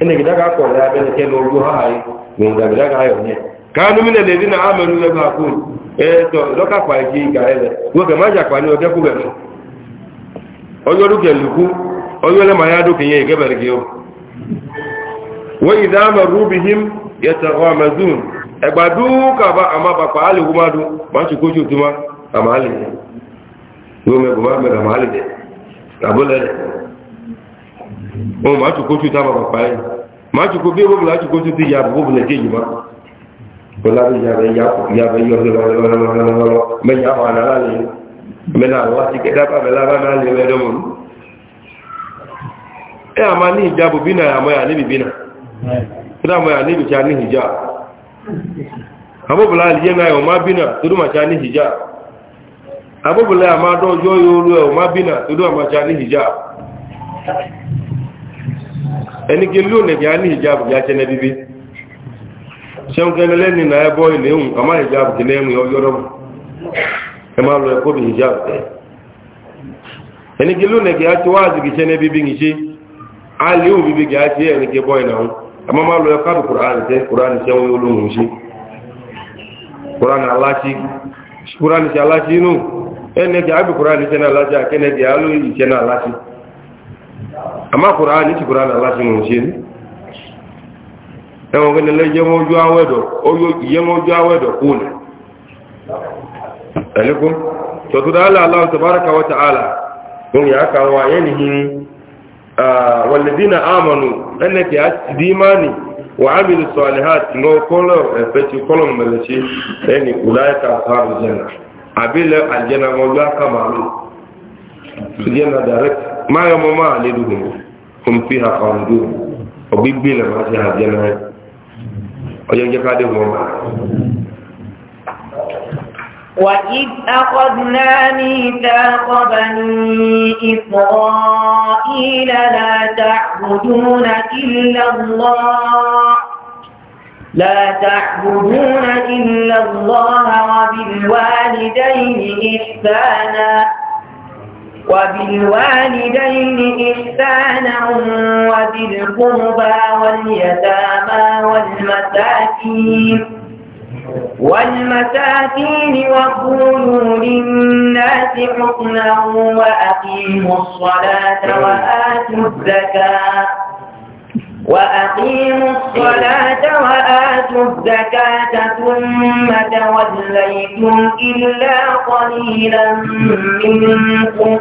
ina gida ga kwallo ya bane kai ha ai mun ga gida ga yau ne kanu min amanu la eh to ga ele wo ga maja kwa ni o ga ku ga ni oyo lu oyo le ma ya ga berge o wa idha maru bihim yataghamazun ma ti ko wọn máa tukó tu tábà bàbá yìí máa tukó bí ewébùlà á tukó tu ti yà àbúkó bùnà kéjì má bọlá bí yàrá yàrá yọ lọlọlọlọlọ mẹyà àwọn àlàlà lè mẹlẹ àwọn àti kẹdàbà mẹlẹ àbá náà lè mẹdọ mọ. ẹ àmà ní ìjábọ̀ bí náà àmọ́ yà níbi bí náà kí náà àmọ́ yà níbi tí a ní ìjà abúbùlá àlìyé náà ẹ̀ ọ̀ má bí náà tó dùn mà tí a ní ìjà abúbùlá àmà dọ́jọ́ yóò rú ẹ̀ ọ̀ má bí náà tó dùn mà tí a ní ìjà ẹni kí ló nẹ̀kí á ní ìjáàbù yá tẹ́lẹ̀ bíbí ṣeun kẹ́lẹ́lẹ́ ní náà ẹbọ́ ilé hùn àmá ìjáàbù kí lẹ́yìn ọjọ́rọ̀ ẹ máa lọ ẹkọ́ bí ìjáàbù tẹ́ ẹni kí ló nẹ̀kí á ti wá àzìkì tẹ́lẹ̀ bíbí ní ṣe á lé hùn bíbí kí á ti ẹni kí bọ́ ìnáwó àmá máa lọ ẹkọ́ àbí kùránì tẹ́ kùránì àmá kùránì tí kùránì aláti mọ̀ sí ẹni ẹwọ̀n gẹ́nẹ̀lẹ́ yẹmọ́jú awẹ́dọ̀ kúnlẹ̀ ẹ̀lẹ́kún tọ̀tù dáálà aláwọ̀ tàbárakà wata ààlà wọn yà ká wà yẹ́ nìyí wàlẹ̀dínà àmànù ẹnẹ́kẹ̀ àti dìímánì wà ámìlì sọ̀lẹ̀hàtì ní ọkọ́lọ̀ ẹ̀fẹ́ ti kọ́lọ̀ mẹ́lẹ̀ṣẹ́ ẹni kùláyẹ̀ká àbílẹ̀ àjẹ́nà wọn yá ká ما يوم ما لدهم هم فيها خالدون وبيبي لما فيها جنة وجن جكاده وما وإذ أخذنا ميثاق بني إسرائيل لا تعبدون إلا الله لا تعبدون إلا الله وبالوالدين إحسانا وبالوالدين إحسانا وذي القربى واليتامى والمساكين والمساكين وقولوا للناس حسنا وأقيموا الصلاة وآتوا الزكاة وأقيموا الصلاة وآتوا الزكاة ثم توليتم إلا قليلا منكم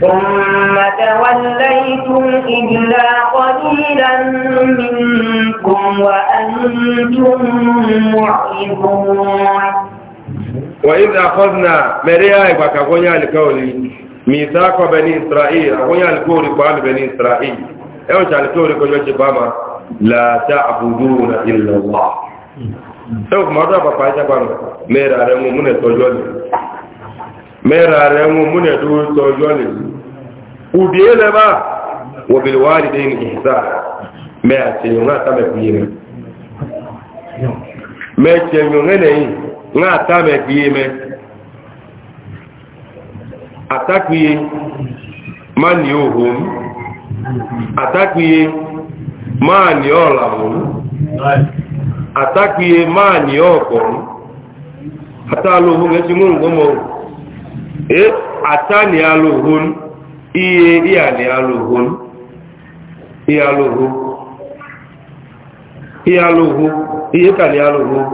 ثم توليتم إلا قليلا منكم وأنتم معرضون وإذ أخذنا مريعي وكغنيا الكولي ميثاق بني إسرائيل أغنيا الكولي قال بني إسرائيل ẹwọ́n ṣe àlẹ́kẹ́ kọjọ́ ṣe bá ma láàtà àbúrú na ilẹ̀ wà ẹwọ́n kùmọ̀ ọdún àpapà ìṣàpàrọ̀ mẹ́ra rẹ̀ mú múnẹ̀ tọjọ́ lè mẹ́ra rẹ̀ mú múnẹ̀ tọjọ́ lè ubi ilẹ̀ bá ní ìṣà mẹ́ àti ìrìn àtàkùyé máa ní ọ̀làmùn àtàkùyé máa ní ọ̀kọ̀rún àtàlóhun ẹ̀ṣí mú ìgbọ́mọ̀ eh àtàní alóhun iye ìyàní alóhun ìyàlóhun ìyàlóhun iye kàní alóhun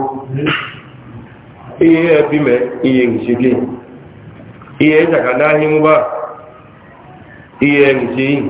iye ẹbí mẹ́ iye ìṣẹ́lẹ̀ iye ìjàkàdá ahínwá iye ihe ṣe yìí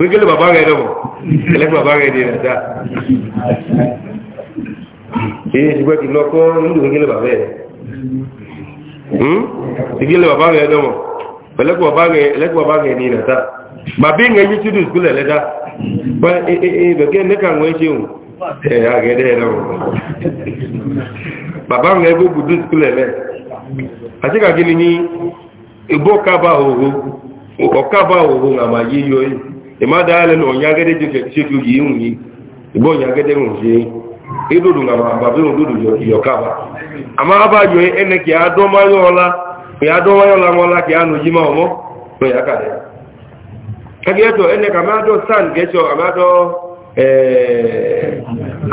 wíkẹ́lẹ̀ bàbá rẹ̀ lọ́wọ́ ẹlẹ́gbẹ̀ bàbá rẹ̀ dì rẹ̀ dáa èyí ṣùgbọ́n kì lọ́kọ́ nínú wíkẹ́lẹ̀ bàbá rẹ̀ hmm? wíkẹ́lẹ̀ bàbá rẹ̀ lọ́wọ́ ẹlẹ́gbẹ̀ bàbá rẹ̀ dì rẹ̀ dáa bàbí ń gẹ̀yí tìdù ìsúlẹ̀ lẹ́dá bẹ̀gẹ́ nẹ́kàwọ́ ẹ́ ṣeun ẹ̀ àgẹ́dẹ́ lọ́wọ́ bàbá ń gẹ̀ a ìsúlẹ̀ lẹ́ àti kàkí ni ní ìbó kábà òhun ọ̀kábà òhun àmàyé yọ yìí ìmáda alẹ́ nà ọ̀nyágẹ́dẹ́ ṣètò yìí ń yìí ìbọn ọ̀nyágẹ́dẹ́ ń ṣe ìdòdò nà bàbá òun dòdò yọ̀kàbà àmọ́ abájọ ẹnẹ kì á dán máa yọ̀ọ́lá kì á dán máa yọ̀ọ́lá kì á nù yí máa yà kà dọ̀ sàn dọ̀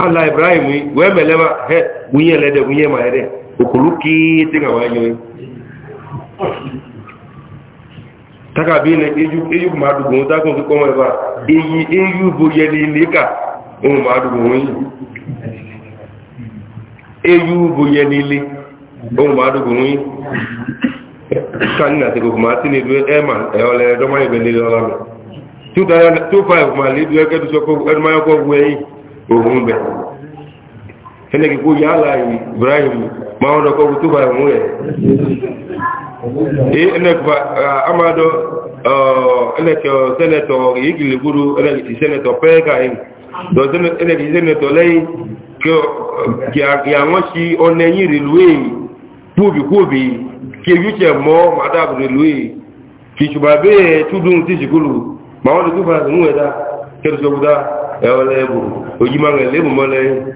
ala ibrahim ma takabi ne eyu ma dugun dagun fi kọmọ ẹba eyi eyu bo yẹli leka ohun ma dugun yi eyu bo yẹli le ohun ma dugun yi kani na tẹgbẹ kuma ti ne du ẹma ẹọlẹ ẹdọmọ ibẹ nílẹ ọlá mi two five ma le du ẹkẹ du sọ ẹdọmọ yẹ kọ wu ẹyi ohun bẹ ẹnẹ́gì kó yá láì ibrahim ma wọ́n dọ̀kọ́ tó bá ẹ̀mú rẹ̀ ẹnẹ́gbà amádọ́ ẹnẹ́kẹ́ sẹ́nẹ̀tọ̀ ìyíkìlẹ̀ gúrú ẹnẹ́gì sẹ́nẹ̀tọ̀ pẹ́ẹ́kàáyìn ẹnẹ́gì sẹ́nẹ̀tọ̀ lẹ́yìn kí àwọn sí ọ̀nẹ́yìn rèlúwé kóòbìkóòbì kí ewúchẹ̀ mọ́ madab rèlúwé kì ṣùgbà bẹ́ẹ̀ túdún tí ṣìkúlù ma wọ́n dọ̀ tó bá ẹ̀mú rẹ̀ dá kẹ́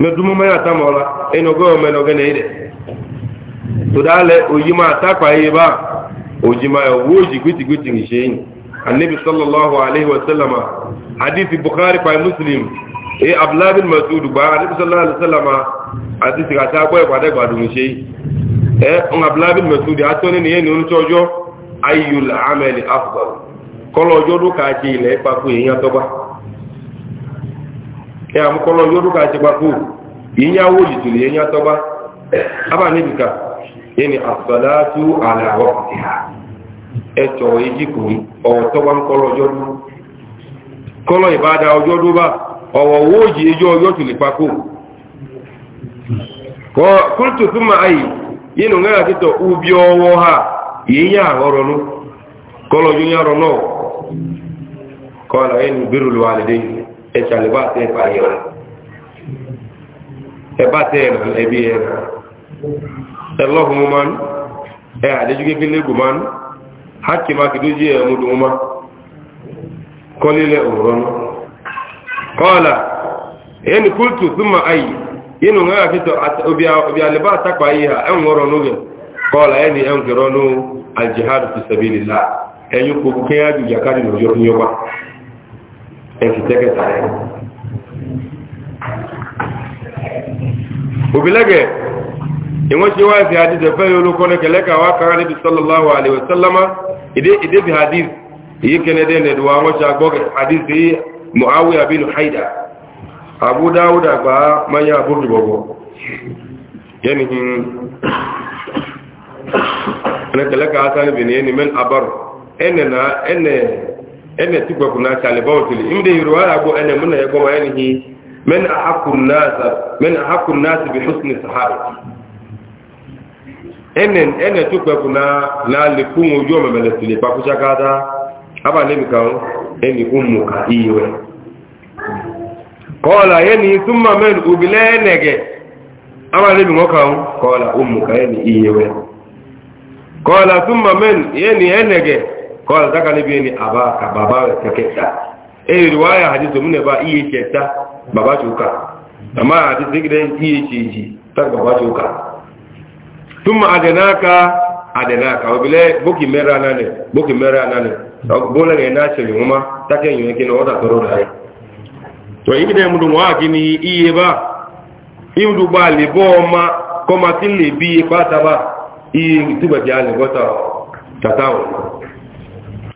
mɛ dumuni ya ta mɔ la e nɔ gɔyɔ mɛ nɔgɛ ne ye o yi ma ta kpa ye ba o ji ma yɛ ji gbiti gbiti ni seyin anabi sallallahu alaihi wa sallama hadithi bukari pa muslim e abdullahi bin masud ba anabi sallallahu alaihi wa sallama hadithi ka ta bɔ ɛgbadɛ gbadu ni seyin ɛ ŋun abdullahi bin masud a tɔ ne ni ye ninnu tɔjɔ ayul amali afdal kɔlɔjɔ do k'a ti ilẹ̀ ipa ko yen ya tɔba. ẹ àmúkọlọ yọdúkà àjẹgbàkú ìyá owó ìtòlè ẹ̀yà tọ́gbá abà níbìkà ẹni àfàlátú àlàrọ̀ ẹ̀tọ̀ ìjìkù ọ̀wọ̀ kọlọ kọlọ ubi ha ìyá ọ̀rọ̀ nú kọlọ yóò yára náà kọlọ ẹni bírùlù àlẹ́dẹ́yìn ẹ̀ṣàlẹ̀ bá tẹ́ ẹ̀fà yẹn ẹ̀bá tẹ́ ẹ̀nà ẹ̀bí ẹ̀nà ẹlọ́hùn máa ń ẹ̀ àdéjúgé lẹ́gbò máa ń hákì máa kìdó jí ẹ̀mú dùn kọ́lílẹ̀ kọ́ọ̀là ẹni kúltù súnmọ̀ ayì inú ń a obì àlẹ́bá àtàkpà yìí ha ẹ̀ ń wọ́rọ̀ lóge kọ́ọ̀là ẹni ẹ̀ ń kẹrọ ẹ̀yìn kẹ́yà jù ẹ̀sì tẹ́kẹ̀ta rẹ̀ òbílẹ́gẹ̀ ìwọ́n ṣe wáyé sí àdíjẹ̀ fẹ́ yóò lókọ́ nẹ́kẹ̀lẹ́kà wá kára níbi sọ́lọ́láwà àlèwẹ̀sọ́lámà ìdébì hadith èyí kẹ́nẹ́dẹ́ nẹ̀dùwà wọ́n ṣe agbọ́ hadith sí muawi abinu haida abu dawuda gba manya abudu gbogbo yanihin nẹ́kẹ̀lẹ́kà asanibin yẹni mẹ́n abar ẹnẹ̀ ene ti na kale ba wotili imde yiro ala go ene mun ya go wayni men ahakku nas men ahakku nas bi husni ene ene ti na na le ku mu jo me mele tili pa ku chakada aba ka o eni ummu ka iwe kola yeni thumma men ubile nege aba ne mi ngoka kola ummu ka yeni iwe kola thumma men yeni enege kọwa dáka níbi ẹni ka bàbá rẹ̀ kẹkẹta èyí rí wáyà àdìsọ múnẹ̀ bá iye kẹta bàbá tó kà àmá àdìsọ ìgbẹ́ iye kejì tàbí bàbá tó kà túnmọ̀ àdẹ̀náka àdẹ̀náka òbílẹ̀ bókì mẹ́ra nánẹ̀ bókì mẹ́ra nánẹ̀ bólẹ̀ ẹ̀ lè bí ipá iye a tàtàwọn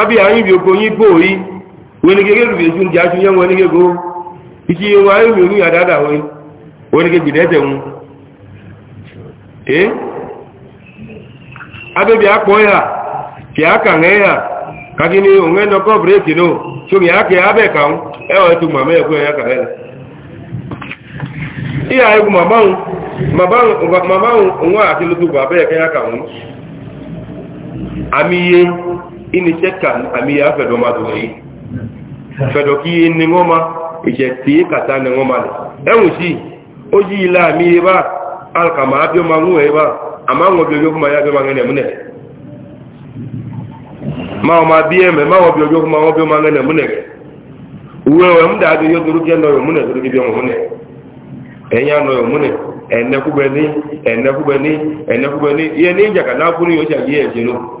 abi anyị bi okonye ibe oyi wenige ge rubiri ju ndị ajụ nye wenige go ike ihe nwe anyị miru ya dada oyi wenige gide eze nwu ee abe bịa ya pịa aka ya ka gị ni onwe nọkọ breki no chụghị aka ya abịa ka nwu ewe ekwe ya ka ya ihe anyị bụ bụ abịa ka ya ka amị ihe ini cheka ami ya fedo ma do yi ki ni ngoma ije ti kata ni ngoma le ehun si oji ila mi ba alkama bi ma nwu e ba ama nwo bi ojo ma ya bi ma ngene mune ma o ma bi e me ma bi ojo ma o bi ma ngene mune uwe we mda ado yo duru ke no yo mune duru bi on mune enya no yo mune ene kubeni ni jaka na yo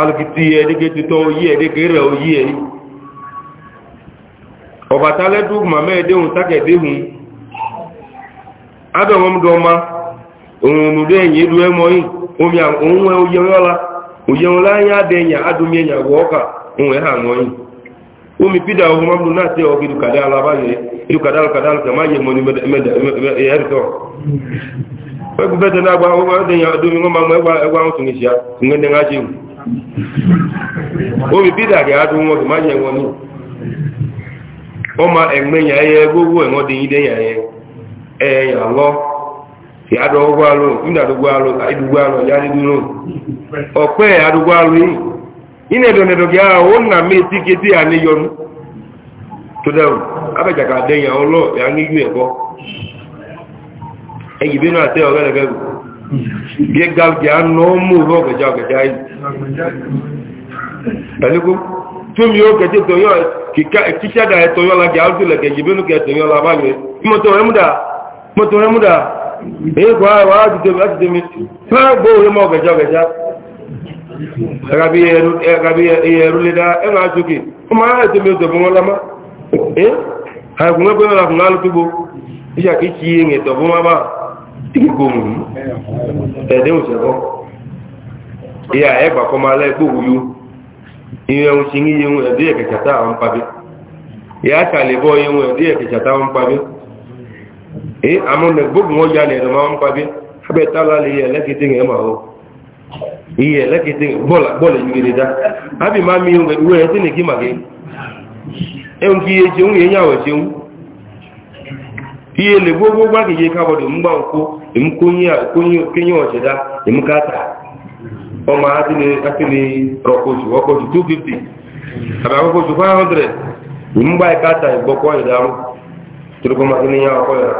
alùpùpù yẹ ẹdíkẹ́ títọ́ oyí ẹdíkẹ́ rẹ̀ oyí ẹ̀ ọ̀bàtálẹ́dù màmẹ́ ẹdẹ́hùn sákẹ̀dẹ́hùn adọ̀mọmọdọ́mà òun òmùdó ẹ̀yìn edu ẹmọ yìí omi òun ẹ oyẹ ọlá oyẹ ọlá ẹ̀yìn ụlọ anyị ẹ̀yìn àwọ̀ ọkà òun ẹ̀ hàn omi pídà ọkùnrin omi bídà gẹ̀ adùn wọn kì má yẹ wọn ní wọ́n ma ẹyẹ gbogbo ẹ̀wọ́n di yí dẹ́yà ẹyẹ ẹ̀yà lọ kì adọ́ gbogbo alò nígbà gbogbo alò ìdúgbò yìí ya ẹ̀yìn bí náà tẹ́ gẹ́gàl gẹ́ anọ́mù lọ́gẹ̀já ọgẹ̀já yìí ẹ̀lẹ́gbó tó mi ó kẹ́ tẹ́tọ̀yọ́ kíṣẹ́dà ẹ̀tọ̀yọ́ la gẹ́ alùsùlẹ̀kẹ̀ yìí bínú kẹ́tọ̀yọ́ la bá yẹ mọ́tò rẹ̀ múdà èyí kò àwọ̀ àtìtẹ̀ mi fẹ́ gbóòrè mọ́ ọgẹ̀já ọgẹ̀já mi tigi gomu ẹ̀dẹ́hùn ṣẹ̀kọ́ ìyá ẹgbà kọmọ alẹ́ gbòwúyú ìyẹun ṣe ní ihun ẹ̀dí ẹ̀kẹ̀kẹ̀ta àwọn pàbí ìyá kàlẹ̀bọ́ ihun ẹ̀dí ẹ̀kẹ̀kẹ̀ta àwọn pàbí èyí àmúnẹ̀ gbógun ọjà ní ihe le gbogbo gwa gị je kabodo mgba nkwụ kenye ọchịda emkata ọma atịlị rọkọjụ ọkọjụ 250 abịa ọkọjụ 500 mgba ikata igbọkọ ọchịda tụrụkọmakịnị ya ya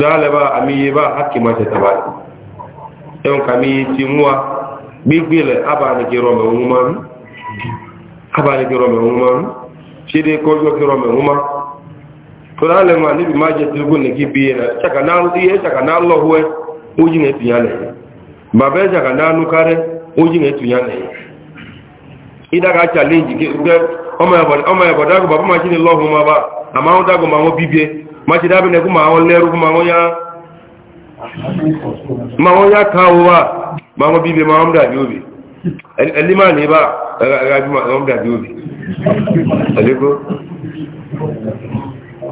dálẹ́bà àmì iye bá hákì máa tẹ̀tàbà ẹ̀wọ̀n ti wa gbígbé ṣe tụra alị nwa n'ibi ma jete ugwu na a biye ihe chaka na alụ ọhụwe oji na-etunye na ya baba eja ka na anụkarị oji na-etunye na ya ịdaga chalenji gị ọma ya bọdọ agụ baba ma chi n'ụlọ ma ma bibie ya na ma lerụ ma ahụ ya ma ahụ ya ka ma ahụ bibie ma ahụ obi ga ma obi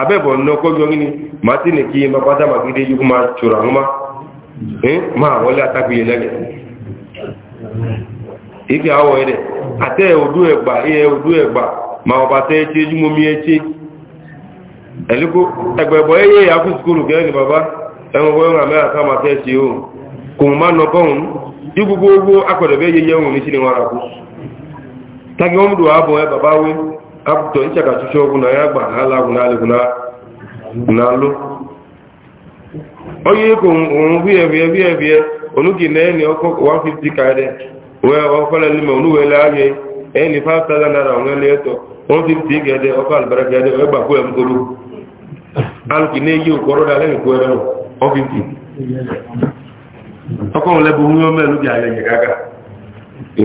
abẹ́bọ̀ bụ ọkọ́ yọ gíní ma tí ní kí ma pátá eh? ma gídé yíkú ma ṣòro àwọn ma ma wọlé àtàkùyẹ lẹ́gẹ̀ ike awọ ẹ̀rẹ̀ àtẹ́ odú ẹgbà ẹgbà ma ọba tẹ́ ẹ́ tí ẹjú mọ́ mi ẹ́ tí ẹ̀lúkú ẹgbẹ̀bọ̀ ẹ̀yẹ ìyàkú ma tẹ́ ẹ́ tí abụtọ nchaka chụcha ọgwụ na ya gba ala agwụ n'alụ onye eko hie hie hie hie onugi na eni ọkụ 150 kaadị wee ọfọlelime onu wele ahịa eni na naira onwele eto 150 gede ọkọ alibara gede ya mkpụrụ na-eyi ụkọrọ dala nkwere 150 nwele bụ ome omelu gị ga nyere aka e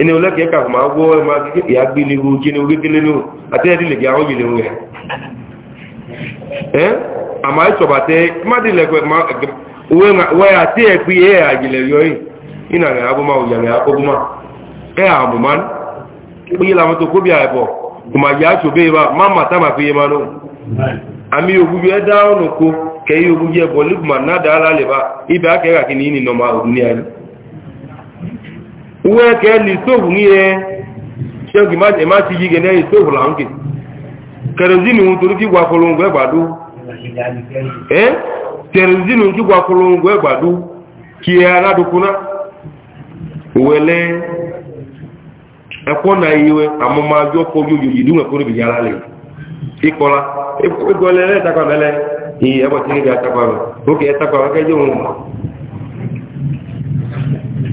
ẹni ọlọ́kẹ́ kà máa wọ́ ẹmà ìyá gbélé wo jí ní ogégélé ní àtẹ́ẹ̀dì lè gbà ọ́yìn lẹ́wọ̀n rẹ̀ ẹ́ àmà ìṣọ̀bà tẹ́ mádì lẹ́kọ̀ọ́ wẹ́ àti ẹ̀pí ẹ̀ àjìlẹ̀ yọ yìí ìnà rẹ̀ abúmá òyà rẹ̀ akọ́búmá ẹ̀ àmùmá péye làwọn tó kóbi ma e uwe ka eli stovu ihe chegi machi e ji ga na-eyi stovu la nke kerozin nwụtụrụ ka ịgwakwụrụ ngwe gbado ee kerozin ngwe gbado ka ihe anadụkwụna wele ekwo na iwe amụma gị gị ojoji dị nwekwụrụ bi le ịkpọla ịkpọla takwa mele ihe egbochi gị ga-atakwa ya etakwa aka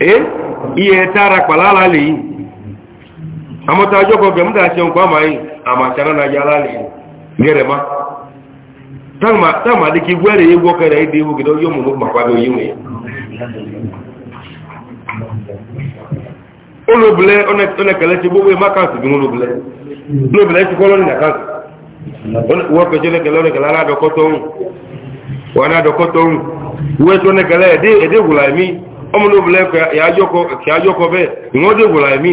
ee ihe tara kpala ala le yi amụta ajọkọ ga m nkwa amaghị amachara na ya ala le yi gere ma tama dịka igwe egwu ọkara ịdị iwu gide onye ọmụmụ makwago onye nwe ya ọlẹkẹlẹ ti gbogbo ẹmọ akáǹtì bí wọn lóbulẹ lóbulẹ ti ọmọdé obìnrin ẹ̀kọ́ kí ajọ́kọ bẹ́ẹ̀ ìwọ́n dé wòlà ẹ̀mí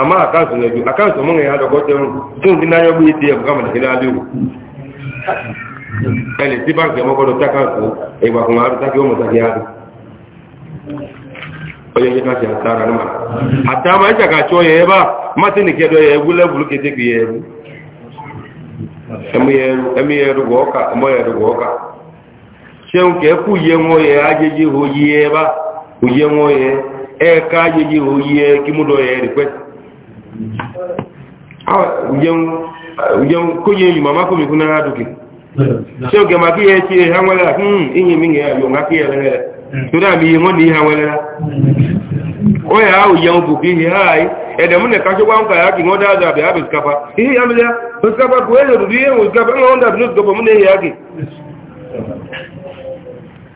àmá àkáǹtì lẹ́gbẹ̀ àkáǹtì ọmọ ìyá àdọ́kọ́ tẹ́rùn tó ń dínáyọ́ gbé ètè ẹ̀kọ́ kàmà nìkẹ́lẹ́ aléwò ẹni tí báńkì ọmọkọ́dọ̀ tákàǹtì ẹgbà kan àrùn tákì ọmọ tákì àrùn ọjọ́ yẹ káṣí àtàrà ní màá ya ìjàkà àtsọ yẹ bá mátì nìkẹ́dọ̀ yẹ ya wúlú oye wọn yẹ eka yẹyẹ òye kí mú lọ yẹ rìpẹ́ òjẹun kó yẹ yìí màmá ṣe ìhànwẹ́lẹ́ àti ìyìn mi yẹ yọ̀ǹgá kí ya lẹ́rẹ́ torí àmì yìí wọ́n ní ìhànwẹ́lẹ́ ó yà á òjẹun kò kí yẹ háàyè ẹ̀dẹ̀mú ya ya ihe yà mí lẹ́yà ìsikapa kò yẹ lòdù bí ya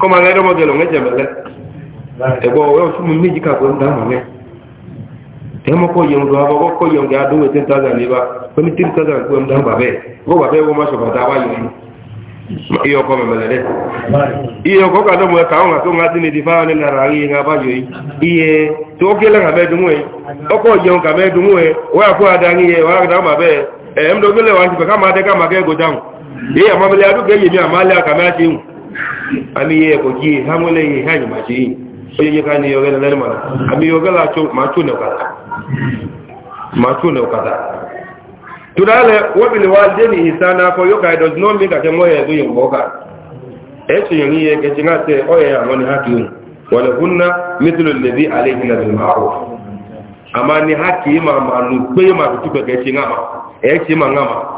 kọ́mọ alẹ́ dọ́mọdé lọ ńẹ́jẹ̀ mẹ́lẹ́ ẹ̀gbọ́ ọ̀wẹ́ fún mi méjì kàkọ́ ń dáhùn mẹ́ ẹ̀mọ́ kọ́ yẹun lọ abọ́ kọ́ yẹun gẹ́ adóhùn ten thousand níbà ó ní three thousand kú ẹ̀ ń dáhùn bàbẹ́ kó bàbẹ́ wọ́n má sọ bàtà wá yẹn iye ọkọ mẹ́mẹ́lẹ́ dẹ́ iye ọkọ kàdọ́ mọ́ ẹ̀ka ọ̀hún àti ọ̀hún àti nìdí fáwọn ní nàrà rí ẹ̀ka abájọ yìí iye tí ó gẹ́lẹ́ kàbẹ́ dùnmú ẹ̀ ọkọ̀ yẹun ami ye ko ji hamole ye hañ ma ji o ye ka ni yogel lel mala ami yogel la to ma to ne kata ma to ne kata tudale wa bil walideni yoga does not mean that mo e ye do yimbo ka o ye amon hakim wala kunna mithlu alladhi alayhi bil ma'ruf amani hakim ma ma nu pe ma tu pe ke ti ngama e ti ma ngama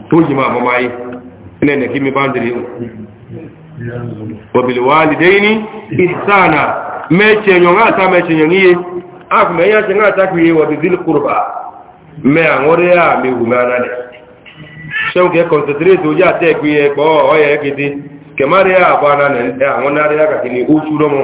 tó jì máa mọ́má yìí ilẹ̀ ẹ̀nà kí mi bá ń dìrí ọ̀bìlì wà lè dẹ́yìn ní ìsáànà mẹ́ẹ̀ṣẹ̀yàn láta mẹ́ẹ̀ṣẹ̀yàn yíye áàfùmẹ́yàn ṣe láta ko wọ̀ bí zílì kúrùbà mẹ́ àwọn rẹ̀ àmì ìwùmẹ́ alálẹ̀ ọ kọ̀ǹtẹ̀tẹ̀rẹ̀tì ojú àti ẹ̀gbìn ẹ̀pọ̀ ọ̀yẹ̀ kéde kẹmàrẹ̀ àwọn ka rẹ̀ kàkiri ó tú lọ́mọ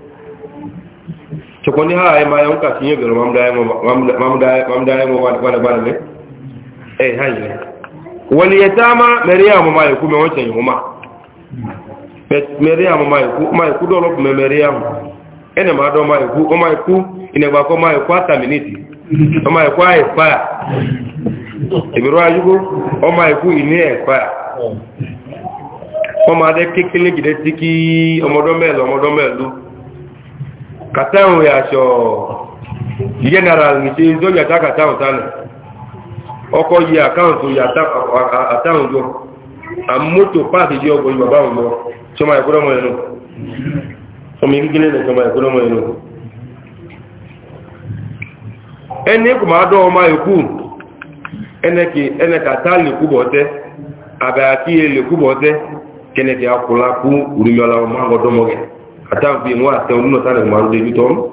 choko ni haya eh, ma yanka kinyo gero mamdaye mamdaye mamdaye wala wala ne eh haye wani yatama maryam ma yaku me wace yuma maryam ma yaku ma yaku dolo me maryam ene ma do ma yaku o ma yaku ine gba ko ma yaku ata minute o ma yaku ai pa ibiro ayugo o ma yaku ine e pa o ma de kekele gide tiki omodo melo omodo melo kàtàwọn yàṣọ general nìṣe tó yàtá kàtàwọn tánà ọkọ̀ yí àkáùntù àtàwọn jọ àmótò páàkì jẹ́ ọgbọ̀ ìbàbá wọn lọ ṣọmọ ìkúrọmọ ẹnu ọmọ ìgbìlẹ̀ ní ṣọmọ ìkúrọmọ ẹnu ẹni kò máa dọ́ ọmọ ìkú ẹnẹkà tá lè kú bọ̀ọ́tẹ́ àbẹ̀ àti èlè kú bọ̀ọ́tẹ́ kẹ́nẹ̀kẹ́ akọ̀lá kú òrìyọ́lá ọmọ àgọ́dọ́mọ́gẹ̀ẹ́ ata bi nwa ata nnu ta na maru debi tom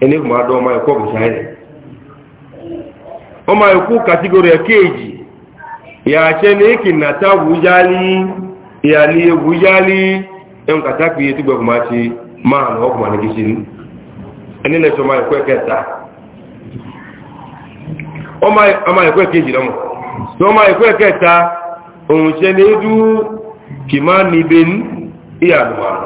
ene ma do ma ko bi sai o ma ku category ya keji ya che ne ki na ta wujali ya ni wujali en ka ta ki ti gbe ma ti ma no ko ma ni kisin ene le so ma ku ke o ma o ma ku keji lo mo so ma ku ke ta ohun se ne du ki ma ni ben iya lo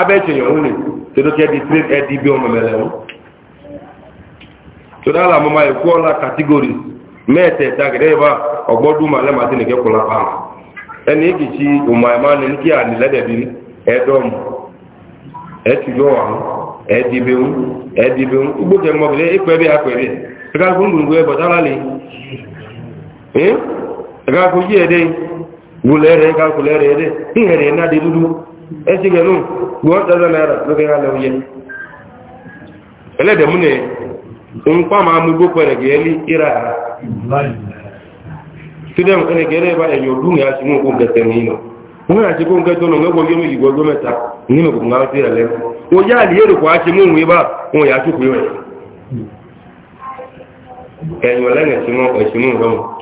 abẹ́ẹ̀tì yọ̀ ní tẹ́lọ́kẹ́ di trade air db ọmọ mẹ́lẹ̀wọ́n tó dára mọ́má ẹ̀kú ọlá kàtígórì mẹ́ẹ̀tẹ̀ dágẹ̀dẹ́ ìbá ọgbọ́dún màlẹ́ màtí nìkẹ́ kọlá pa ẹni èkì tí ọmọ ẹ̀má ní kí ànilẹ́dẹ̀bí ẹ̀dọ́m ẹ̀tùjọ́ àwọn ẹ̀dìbẹ̀wọ́n ẹ̀dìbẹ̀wọ́n gbókẹ́ mọ́bìlẹ́ ìpẹ́ echighi nu gbuo ọchọzọ na-onye elede mụ na nkwa ma amụgbo kwere ga eli ira ara side m ene kere ebe enyo du nga chi nwoke ko nkete ụlọ nwegbo gị megigbo n'ime ele a liere kwa nwe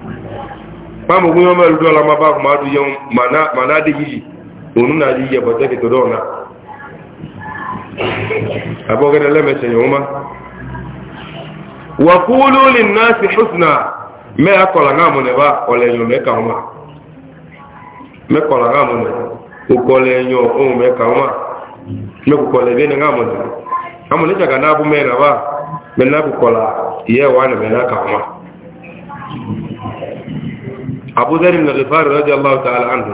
kpam ogwe ye omeru diola maba ahụ mmadụ ihe mana adịghị iji onu na adị ihe bọta ketoro ọna na ebe ọlenyo na amụna ụkọlenyo ụmụ mee ụma mekụkọla ebe na amụna na abụ mee na ba mee na ihe wa na ka ụma abu zari na rifari radiyallahu ta'ala anhu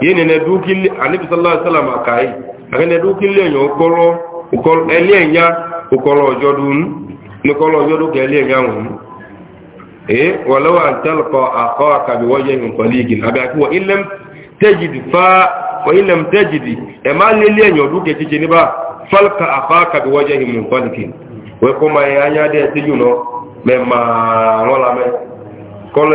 yene ne dukil anabi sallallahu alaihi wasallam akai aga ne dukil le nyo koro ukol elienya ukolo jodun ni kolo jodu ke elienya won eh walau an talqa aqaka biwajhin qaliqin aga ku wa illam tajid fa wa illam tajid e ma le le nyo duke tije ni ba falqa aqaka biwajhin qaliqin we koma ya nya de tijuno mema wala me kolo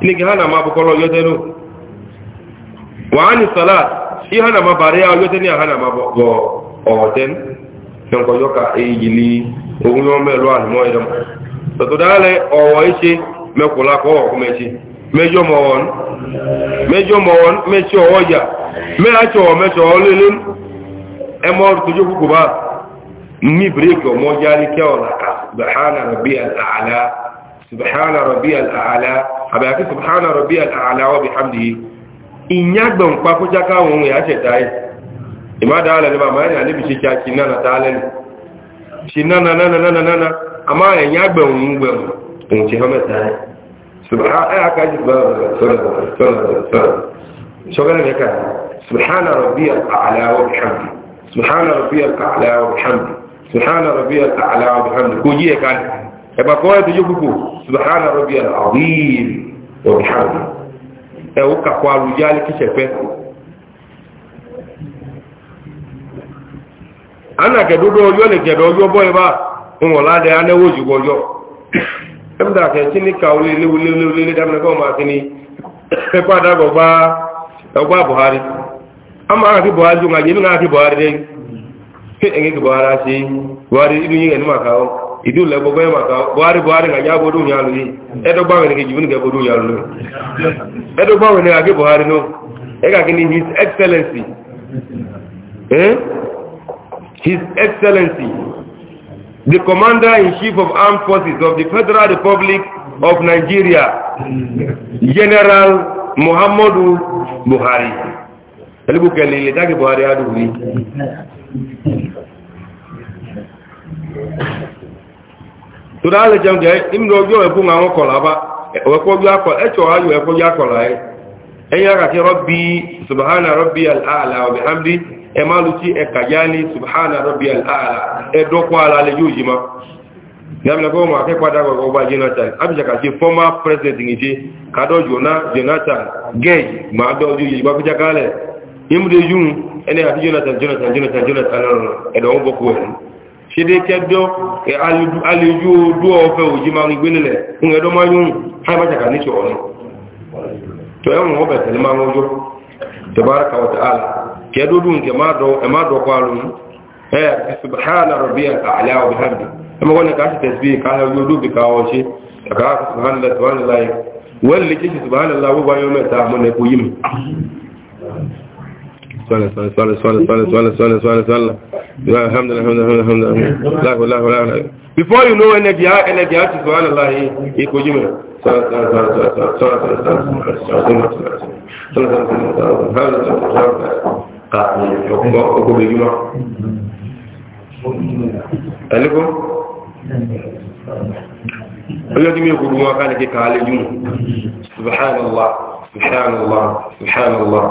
ilege ha na ma bụkọrọ oyotenu wa anyị salat ihe ha na ma bara ya oyotenu ya ha na ma nǹkan yọ èyí ni ohun yọ mẹ́lú àlùmọ́ ẹ̀dọ́m tọ̀tọ̀dálẹ̀ ọ̀wọ̀ iṣẹ́ mẹ́kùnlá kọ́ ọ̀kún mẹ́ṣe ọmọ àbẹ̀yàkí subhana rọ̀bí àláwọ̀ bi Hamdi ìyàgbọ̀n pàkójáká ohun ìyá ṣẹ̀dá ẹ̀ ìmádà alẹ́ ní bàmá ẹ̀yà níbi ṣíṣe àti nánà tààlẹ́ nù ṣe nánà nánà nánà nánà a máa ẹ̀yàgbọ̀n ohun gbẹ̀rún ohun ti hàn mẹ́ta ẹ̀ subhana rọ̀bí àláwọ̀ bí hàmdì subhana rọ̀bí àláwọ̀ bi Hamdi, subhana rọ̀bí àláwọ̀ bí hàmdì kò yí ẹ̀ka ẹ̀bà kọ́ ẹ̀ tó yóò gbogbo subhana rabi al-azim wọ̀bí hàbí kàkọ́ alùjá alikíṣẹ̀ fẹ́ ana ọjọ́ lè ọjọ́ bọ́ anẹ́wò ọjọ́ ní a máa kí buhari jù ń àjẹ́ mi náà kí buhari dẹ́ buhari idu le gbogbo ẹ maka buhari buhari nga ya bodu ya lu edo gba wene ke jibun ke bodu ya lu edo buhari no e ga his excellency eh his excellency the commander in chief of armed forces of the federal republic of nigeria general muhammadu buhari elibu kele le ta ke buhari adu ni tụrụ ala jam ga imre oge ebu nwa nwe kọla ba echọrọ e ayọ ekwogi akọla ya enye agachi rọbi subhana rọbi al'ala wa bihamdi emaluchi ekajani subhana rọbi al'ala edokwa ala jonathan ka ka jona jonathan gej ma ene e jonathan jonathan jonathan jonathan e kede kedo e aliju du ofe oji ma ngbenile nge do mayun ha ma jaka ni choro to e mo be tele ma ngojo tabaraka wa taala kedo dun ke ma do e ma do ko alu e subhana rabbiyal a'la wa bihamdi amma wala ka ta tasbih ka ha yodo bi ka wace ka subhanallahi subhanallahi walli ki subhanallahi wa ba yawma ta mun ne ko yimi صلى صلى صلى صلى صلى صلى before you know energy energy has to subhan allah e ko jime صلى صلى صلى صلى صلى صلى صلى صلى subhanallah subhanallah subhanallah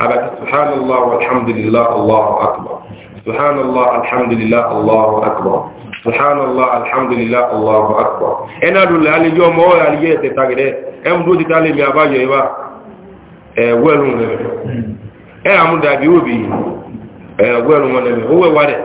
على سبحان الله والحمد لله الله أكبر سبحان الله الحمد لله الله أكبر سبحان الله الحمد لله الله أكبر أنا أقول لها اليوم هو اللي يتتاقل أم دو تتالي مي أبا جيبا إيه، ويلون أنا أمون دابي وبي إيه، ويلون ونبي هو وارد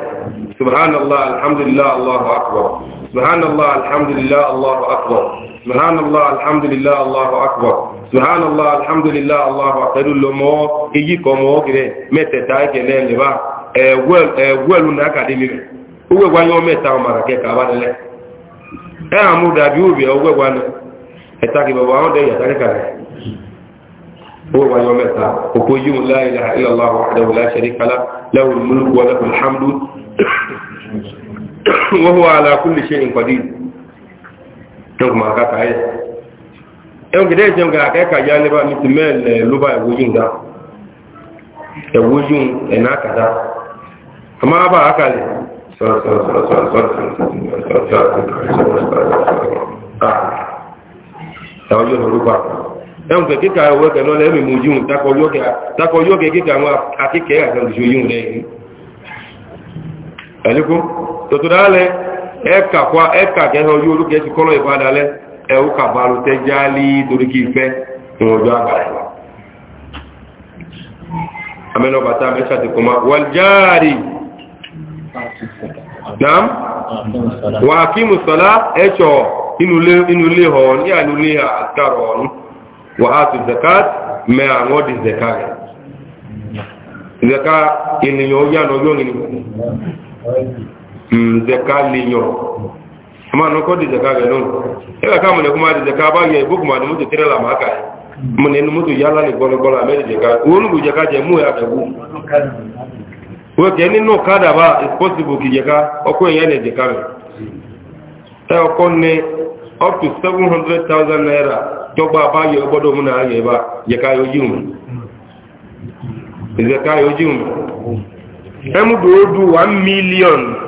سبحان الله الحمد لله الله أكبر سبحان الله الحمد لله الله أكبر سبحان الله الحمد لله الله أكبر سبحان الله الحمد لله الله أكبر لما إيجيكم وكذا متى تاكي لين لبا أول أول نكاديمي uwe gwanye ome ta mara ke ka banile e amu da bi ubi uwe gwanye etaki baba awon de yataki kare uwe gwanye ome ta oko yi mu la ilaha illallah wahdahu la sharika la lahu almulku wa lahu alhamdu wa huwa ala kulli shay'in qadir tọ́kùnmá kàkà yẹ ẹ̀wọ̀n kìdẹ́ ìṣẹ́ nǹkan akẹ́kà yá nípa mi ti mẹ́ẹ̀lẹ̀ ló bá ẹ̀wọ́jú nǹkan ẹ̀wọ́jú ẹ̀nà àkàdá àmọ́ àbá àkàlẹ̀ sọ̀rọ̀sọ̀rọ̀sọ̀rọ̀sọ̀rọ̀sọ̀rọ̀sọ̀rọ̀sọ̀rọ̀sọ̀rọ̀ ẹ̀wọ̀n kẹ̀ kíkà ẹ̀wọ̀ kẹ̀ lọ́lẹ̀ ẹ̀mí ẹ̀ka kwa ẹ̀ka kẹ́hẹ́ ojú olókè ti kọ́lọ̀ ìpadà lẹ́ ẹ̀wú kàbàlù tẹ́ jáálí torí kí ìfẹ́ ìwọ̀njọ́ àgbàrá ìwà amẹ́nà bàtà mẹ́ta ti kọ́ ma wọ́n jáàrí dám wà kí mùsọ̀lá ẹ̀ṣọ́ inúlé hàn ní ànúlé àkàrọ̀ ọ̀run wà á tún zakat mẹ́ àwọn zakat Mm, zaka linyo amma no ko di zaka ga non e ka kama ne kuma di zaka ba ye buku ma mu tire la ma ka mu ne mu to ni golo golo me di zaka lu ya bu ke ni no ba is possible ki o ko yen ne o 700000 naira to ba ba ye na ye ba yo zaka yo 1 million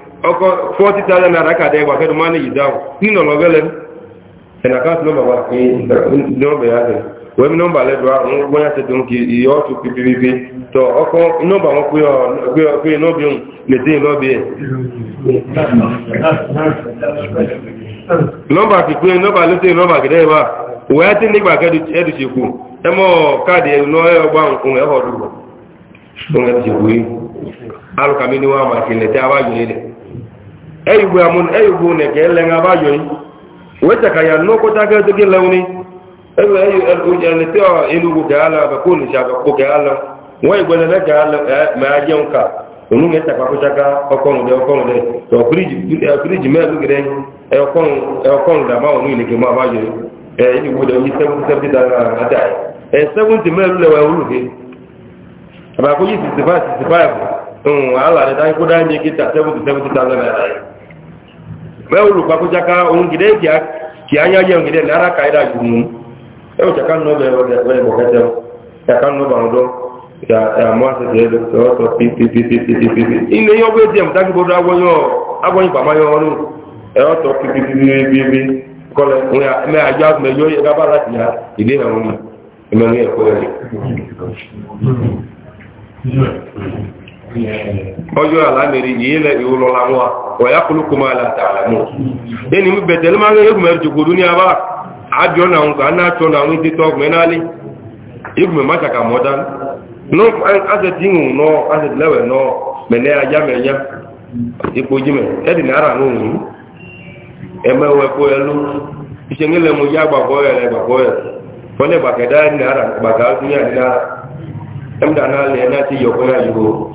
ọkọ̀ 40,000 naira kàdẹ ẹgbà fẹ́ dùmọ́ ní ìdáhùn nínú ọlọ́gẹ́lẹ́ ẹ̀nà káàtì nọ́mbà wà ní nọ́mbà yá rẹ̀ wẹ́n nọ́mbà lẹ́dọ̀ àwọn gbọ́nyá ti kí ìyọ́ wa alùkàmí ni wọ́n máa tí a wá yìí eyigbo amụ eyigbo na ka ele nga ba yoyi weta ka ya nnukwu ta ga edogi lewni ewe elete enugwu ga ala ba ko ba ko ga ala nwa igwe lele ga ala ma ya nka onu nge ta kwakwucha ka ọkọrun de ọkọrun de to briji briji me lu gire e ọkọrun e ọkọrun da ma onu ke ma ba e de na e 70 me lu le wa ge ba ko mẹ́wùlù pàkójáká ohun gidẹ́ kí a yáyẹ ohun gidẹ́ lára kàídà jù mú ẹwù ṣàká nù ọbẹ̀ ọdẹ bọ̀kẹ́tẹ́ ṣàká nù ọbẹ̀ ọdọ́ ìyàmọ́ àṣẹṣẹ́ lọ́tọ̀ pípípípípípí ilé yọ bó jẹ́ mùtákìbọdọ agbọ́yìn pàmáyọ ọdún ẹ̀rọ tọ pípípípípí kọlẹ̀ ọjọ́ alámẹ́rin yìí lẹ ìwòlọ́ làwọn ọ̀yá kúlùkù máa láta àlámù ẹni mú bẹ̀tẹ̀ ló máa ń rẹ́gùnmẹ́ jòkòdú ní abá àjọ náà ń kà á náà tọ́ náà ń títọ́ mẹ́nálé ìgbìmọ̀ má ṣàkà mọ́dá asẹ̀tì ìhùn náà asẹ̀tì lẹ́wẹ̀ náà mẹ́lẹ́ ajá mẹ́yá ipò jímẹ̀ ẹ̀dì náírà lóhùn ẹ̀mẹ́wẹ́ kó ẹ ló ìṣẹ́ngẹ́lẹ̀ mo yá gbàgbọ́ ẹ̀ yọ̀kọ́ náà yìí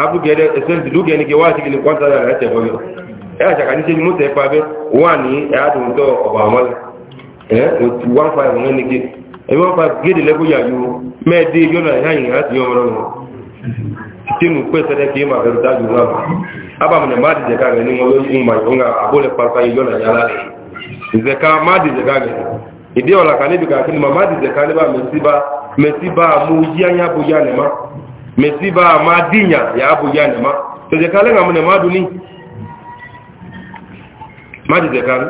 abúgẹ́dẹ́ ẹ̀sẹ́ntì lúgẹ́ni kí wá sí ilé kwanta rẹ̀ ẹ̀ẹ́tẹ̀ ọyọ́ ẹ̀yà ṣàkàní ṣe ni mú tẹ́pa bẹ́ wà ní ẹ̀yàdùntọ́ ọ̀bà ọmọlẹ̀ ẹ̀ òtù 15 wọn ní kí ẹ̀bí 15 gédè lẹ́gbóyà yóò mẹ́ẹ̀dé sẹ́dẹ́ kí fẹ́rù dájú náà má dìjẹ̀ yóò ń ga mesi ba ma dinya ya abu ya ne ma to je kale ngamu ma duni ma di je kale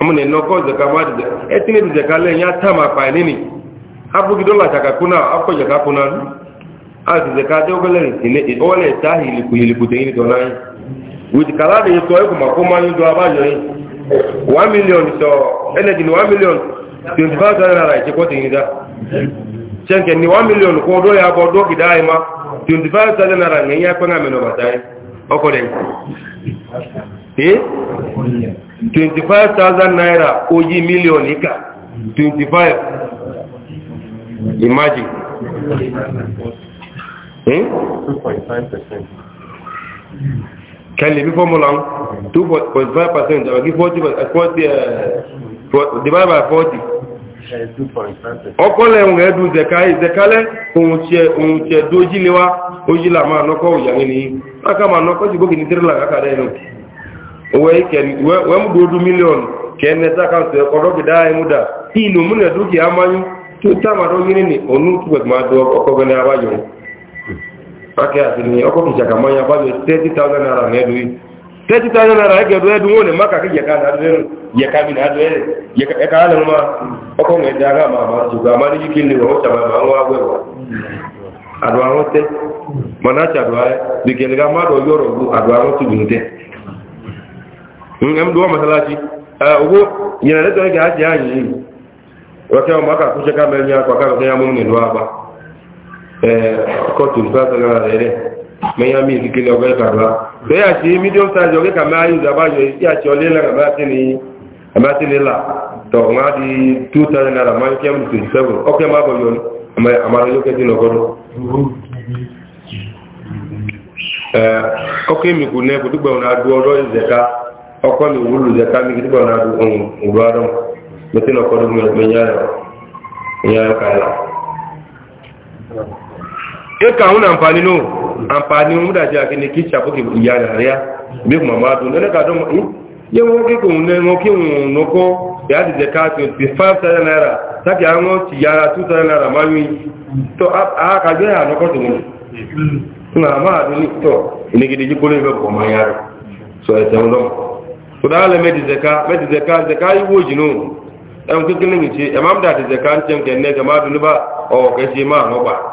amu ne no ko je ka ma je etine je kale nya tama pa nini abu gido la taka kuna apo je ka kuna a di je ka de ogele ni e ole tahi li ku li bute ni to nai with kala de to e ko ma ko ma ni do abayo yi 1 million to energy 1 million 25000 naira ti ko ti ni da chenke ni 1 million ko do ya go do kidai ma 25000 naira ngi ya kwa meno batai oko den eh 25000 naira oji million ika 25 imagine eh 2.5% can live formula 2.5% or give 40 40 uh, divide by 40 ọkọlẹ̀ ohun ẹ̀dù zẹ̀kálẹ̀ ohun tẹ dójí lé wá ojílà máa nọ́kọ́ òyàrin ní láká máa nọ́kọ́ sí gbókè ní tírìlà kákàdá inú wẹ́n mú dúdú mílíọ̀nù kẹ́ẹ̀ẹ́ sákàtọ̀ ọ̀rọ̀gìdá ẹmúdà tí inú múnẹ̀ dúkìá máyú tó táàmàdọ́ yìí ní ònú túbẹ̀ máa kẹ́tí tí a nínú ara ẹgbẹ̀rún ẹdún wọn ni maka kí yẹka ní adúlẹ́rù yẹka mi ní adúlẹ́rù ẹka alẹ́ mọ́ ọkọ̀ mẹ́ dára máa máa ṣùgbọ́n a máa ní kíkí ní ọ̀hún ṣàmà máa ń wá wẹ̀ wọ́n àdúrà wọn tẹ́ mọ̀nà àti àdúrà rẹ̀ bìkẹ̀lẹ̀ ká má lọ yọ̀rọ̀ bú àdúrà wọn tù bìnú tẹ́ ẹ̀mú dúwọ́ mọ́sálásí owó yẹn lẹ́tọ̀ọ́ mẹ́yàmí ìdíkele ọgbẹ́ kàrá tó yà sí mídíọ̀ sáàjọ kí kàmẹ́ ayé ìdàbájọ yà sí ọlé lẹ́nà àmátìlé là tọ̀ ńlá di 2000 naira máa ń kí ẹ̀mù 27 ọkẹ́ má bọ̀ yọ àmàrà yóò kẹ́sí lọ́gọ́dọ̀ ọkẹ́ mi kò ní ẹkùn tó gbẹ̀wọ̀n adú ọlọ́ ìzẹ̀ká ọkọ́ mi wúlù ìzẹ̀ká mi tó gbẹ̀wọ̀n adú ohun ìlú adọ́m mẹ́tí lọ́gọ́dọ̀ mi ò ka ahụ na no amfani mu da ji ake ne kicha ko ya na ya bi kuma ma do ne ka eh? ye wo ke ko ne wo ke wo no ko ya di de ka 5000 naira ta ki ti naira ma mi to a ka je ya no ko to na ma do ni to ne gidi ji ko le ko ma ya so e te ndo ko da le me di de ka me di no e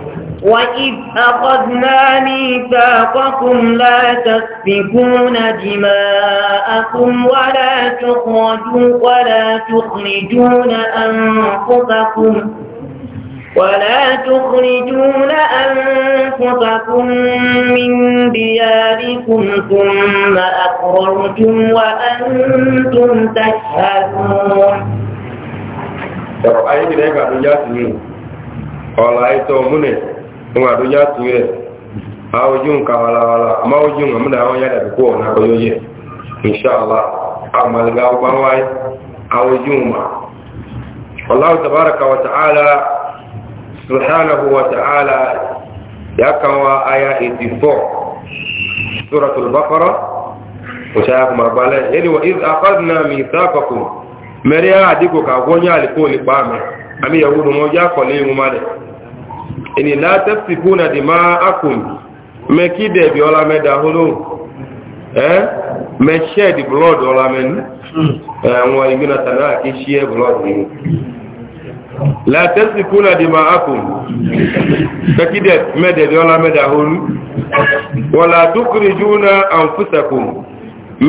وإذ أخذنا ميثاقكم لا تسفكون دماءكم ولا تخرجون ولا تخرجون أنفسكم ولا تخرجون أنفسكم من دياركم ثم أقررتم وأنتم تشهدون. ترى أيدي لك أبو ياسمين قال أيتم منه ŋa do ya tu ye awo jun ka wala wala ma o jun amna awo ya da ko na ko yoye inshallah amal ga ba wai awo jun ma Allah tabaraka wa ta'ala subhanahu wa ta'ala ya kawa aya 84 suratul baqara وشاف مربالة يلي وإذ أخذنا ميثاقكم مريا ديكو كاغونيا لكل قامة أمي يقولوا موجا قليل مالك ìní látẹ́sì fún àdìmá akùn mẹ́kídẹ̀ bí ọlá mẹ́dà húnú ẹ́ mẹ́ṣẹ́ di blood ọlá mẹ́nu ẹ̀wọ̀n ìgbìnà tàbí àkí ṣí ẹ́ blood nínú látẹ́sì fún àdìmá akùn mẹ́kídẹ̀ mẹ́dẹ̀ bí ọlá mẹ́dà húnú wọ́n látúkìrì júnà àǹfùsàkùn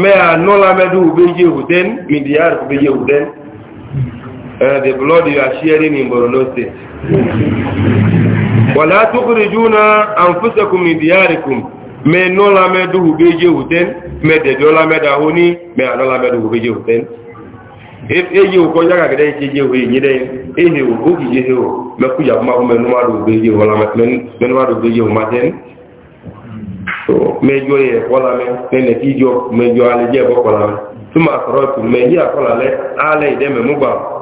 mẹ́ ànọ́lá mẹ́dù ubéjì hùdẹ́n mìdíyàrì ubéjì hùdẹ́n the blood you are sharing in borno state wala tukhrijuna anfusakum min diyarikum me no la me du beje uten me de do la me da honi me ano la me du beje uten if eje ko ya ga gede eje we ni de ehe wo ko ki ehe wo me ku ya ma ko me no ma du beje wala me me no ma du beje ma den so me jo ye wala me ne ne ki jo me jo ale je bo wala me tuma akrotu me ya kola le ale de me mu ba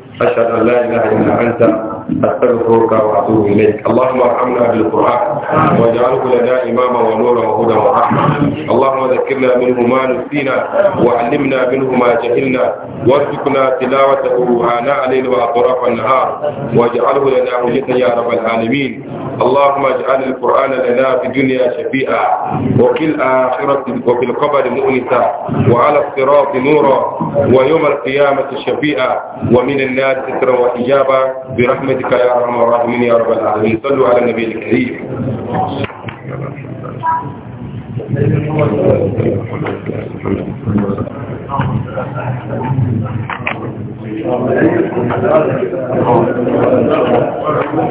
أشهد أن لا إله إلا أنت أستغفرك وأتوب إليك اللهم ارحمنا بالقرآن واجعله لنا إماما ونورا وهدى ورحمة اللهم ذكرنا منه ما نسينا وعلمنا منه ما جهلنا وارزقنا تلاوته آناء الليل وأطراف النهار واجعله لنا حجة يا رب العالمين اللهم اجعل القرآن لنا في الدنيا شفيئا وفي الآخرة وفي القبر مؤنسا وعلى الصراط نورا ويوم القيامة شفيئا ومن الناس ستر وإجابة برحمتك يا أرحم الراحمين يا رب العالمين صلوا على النبي الكريم Thank you.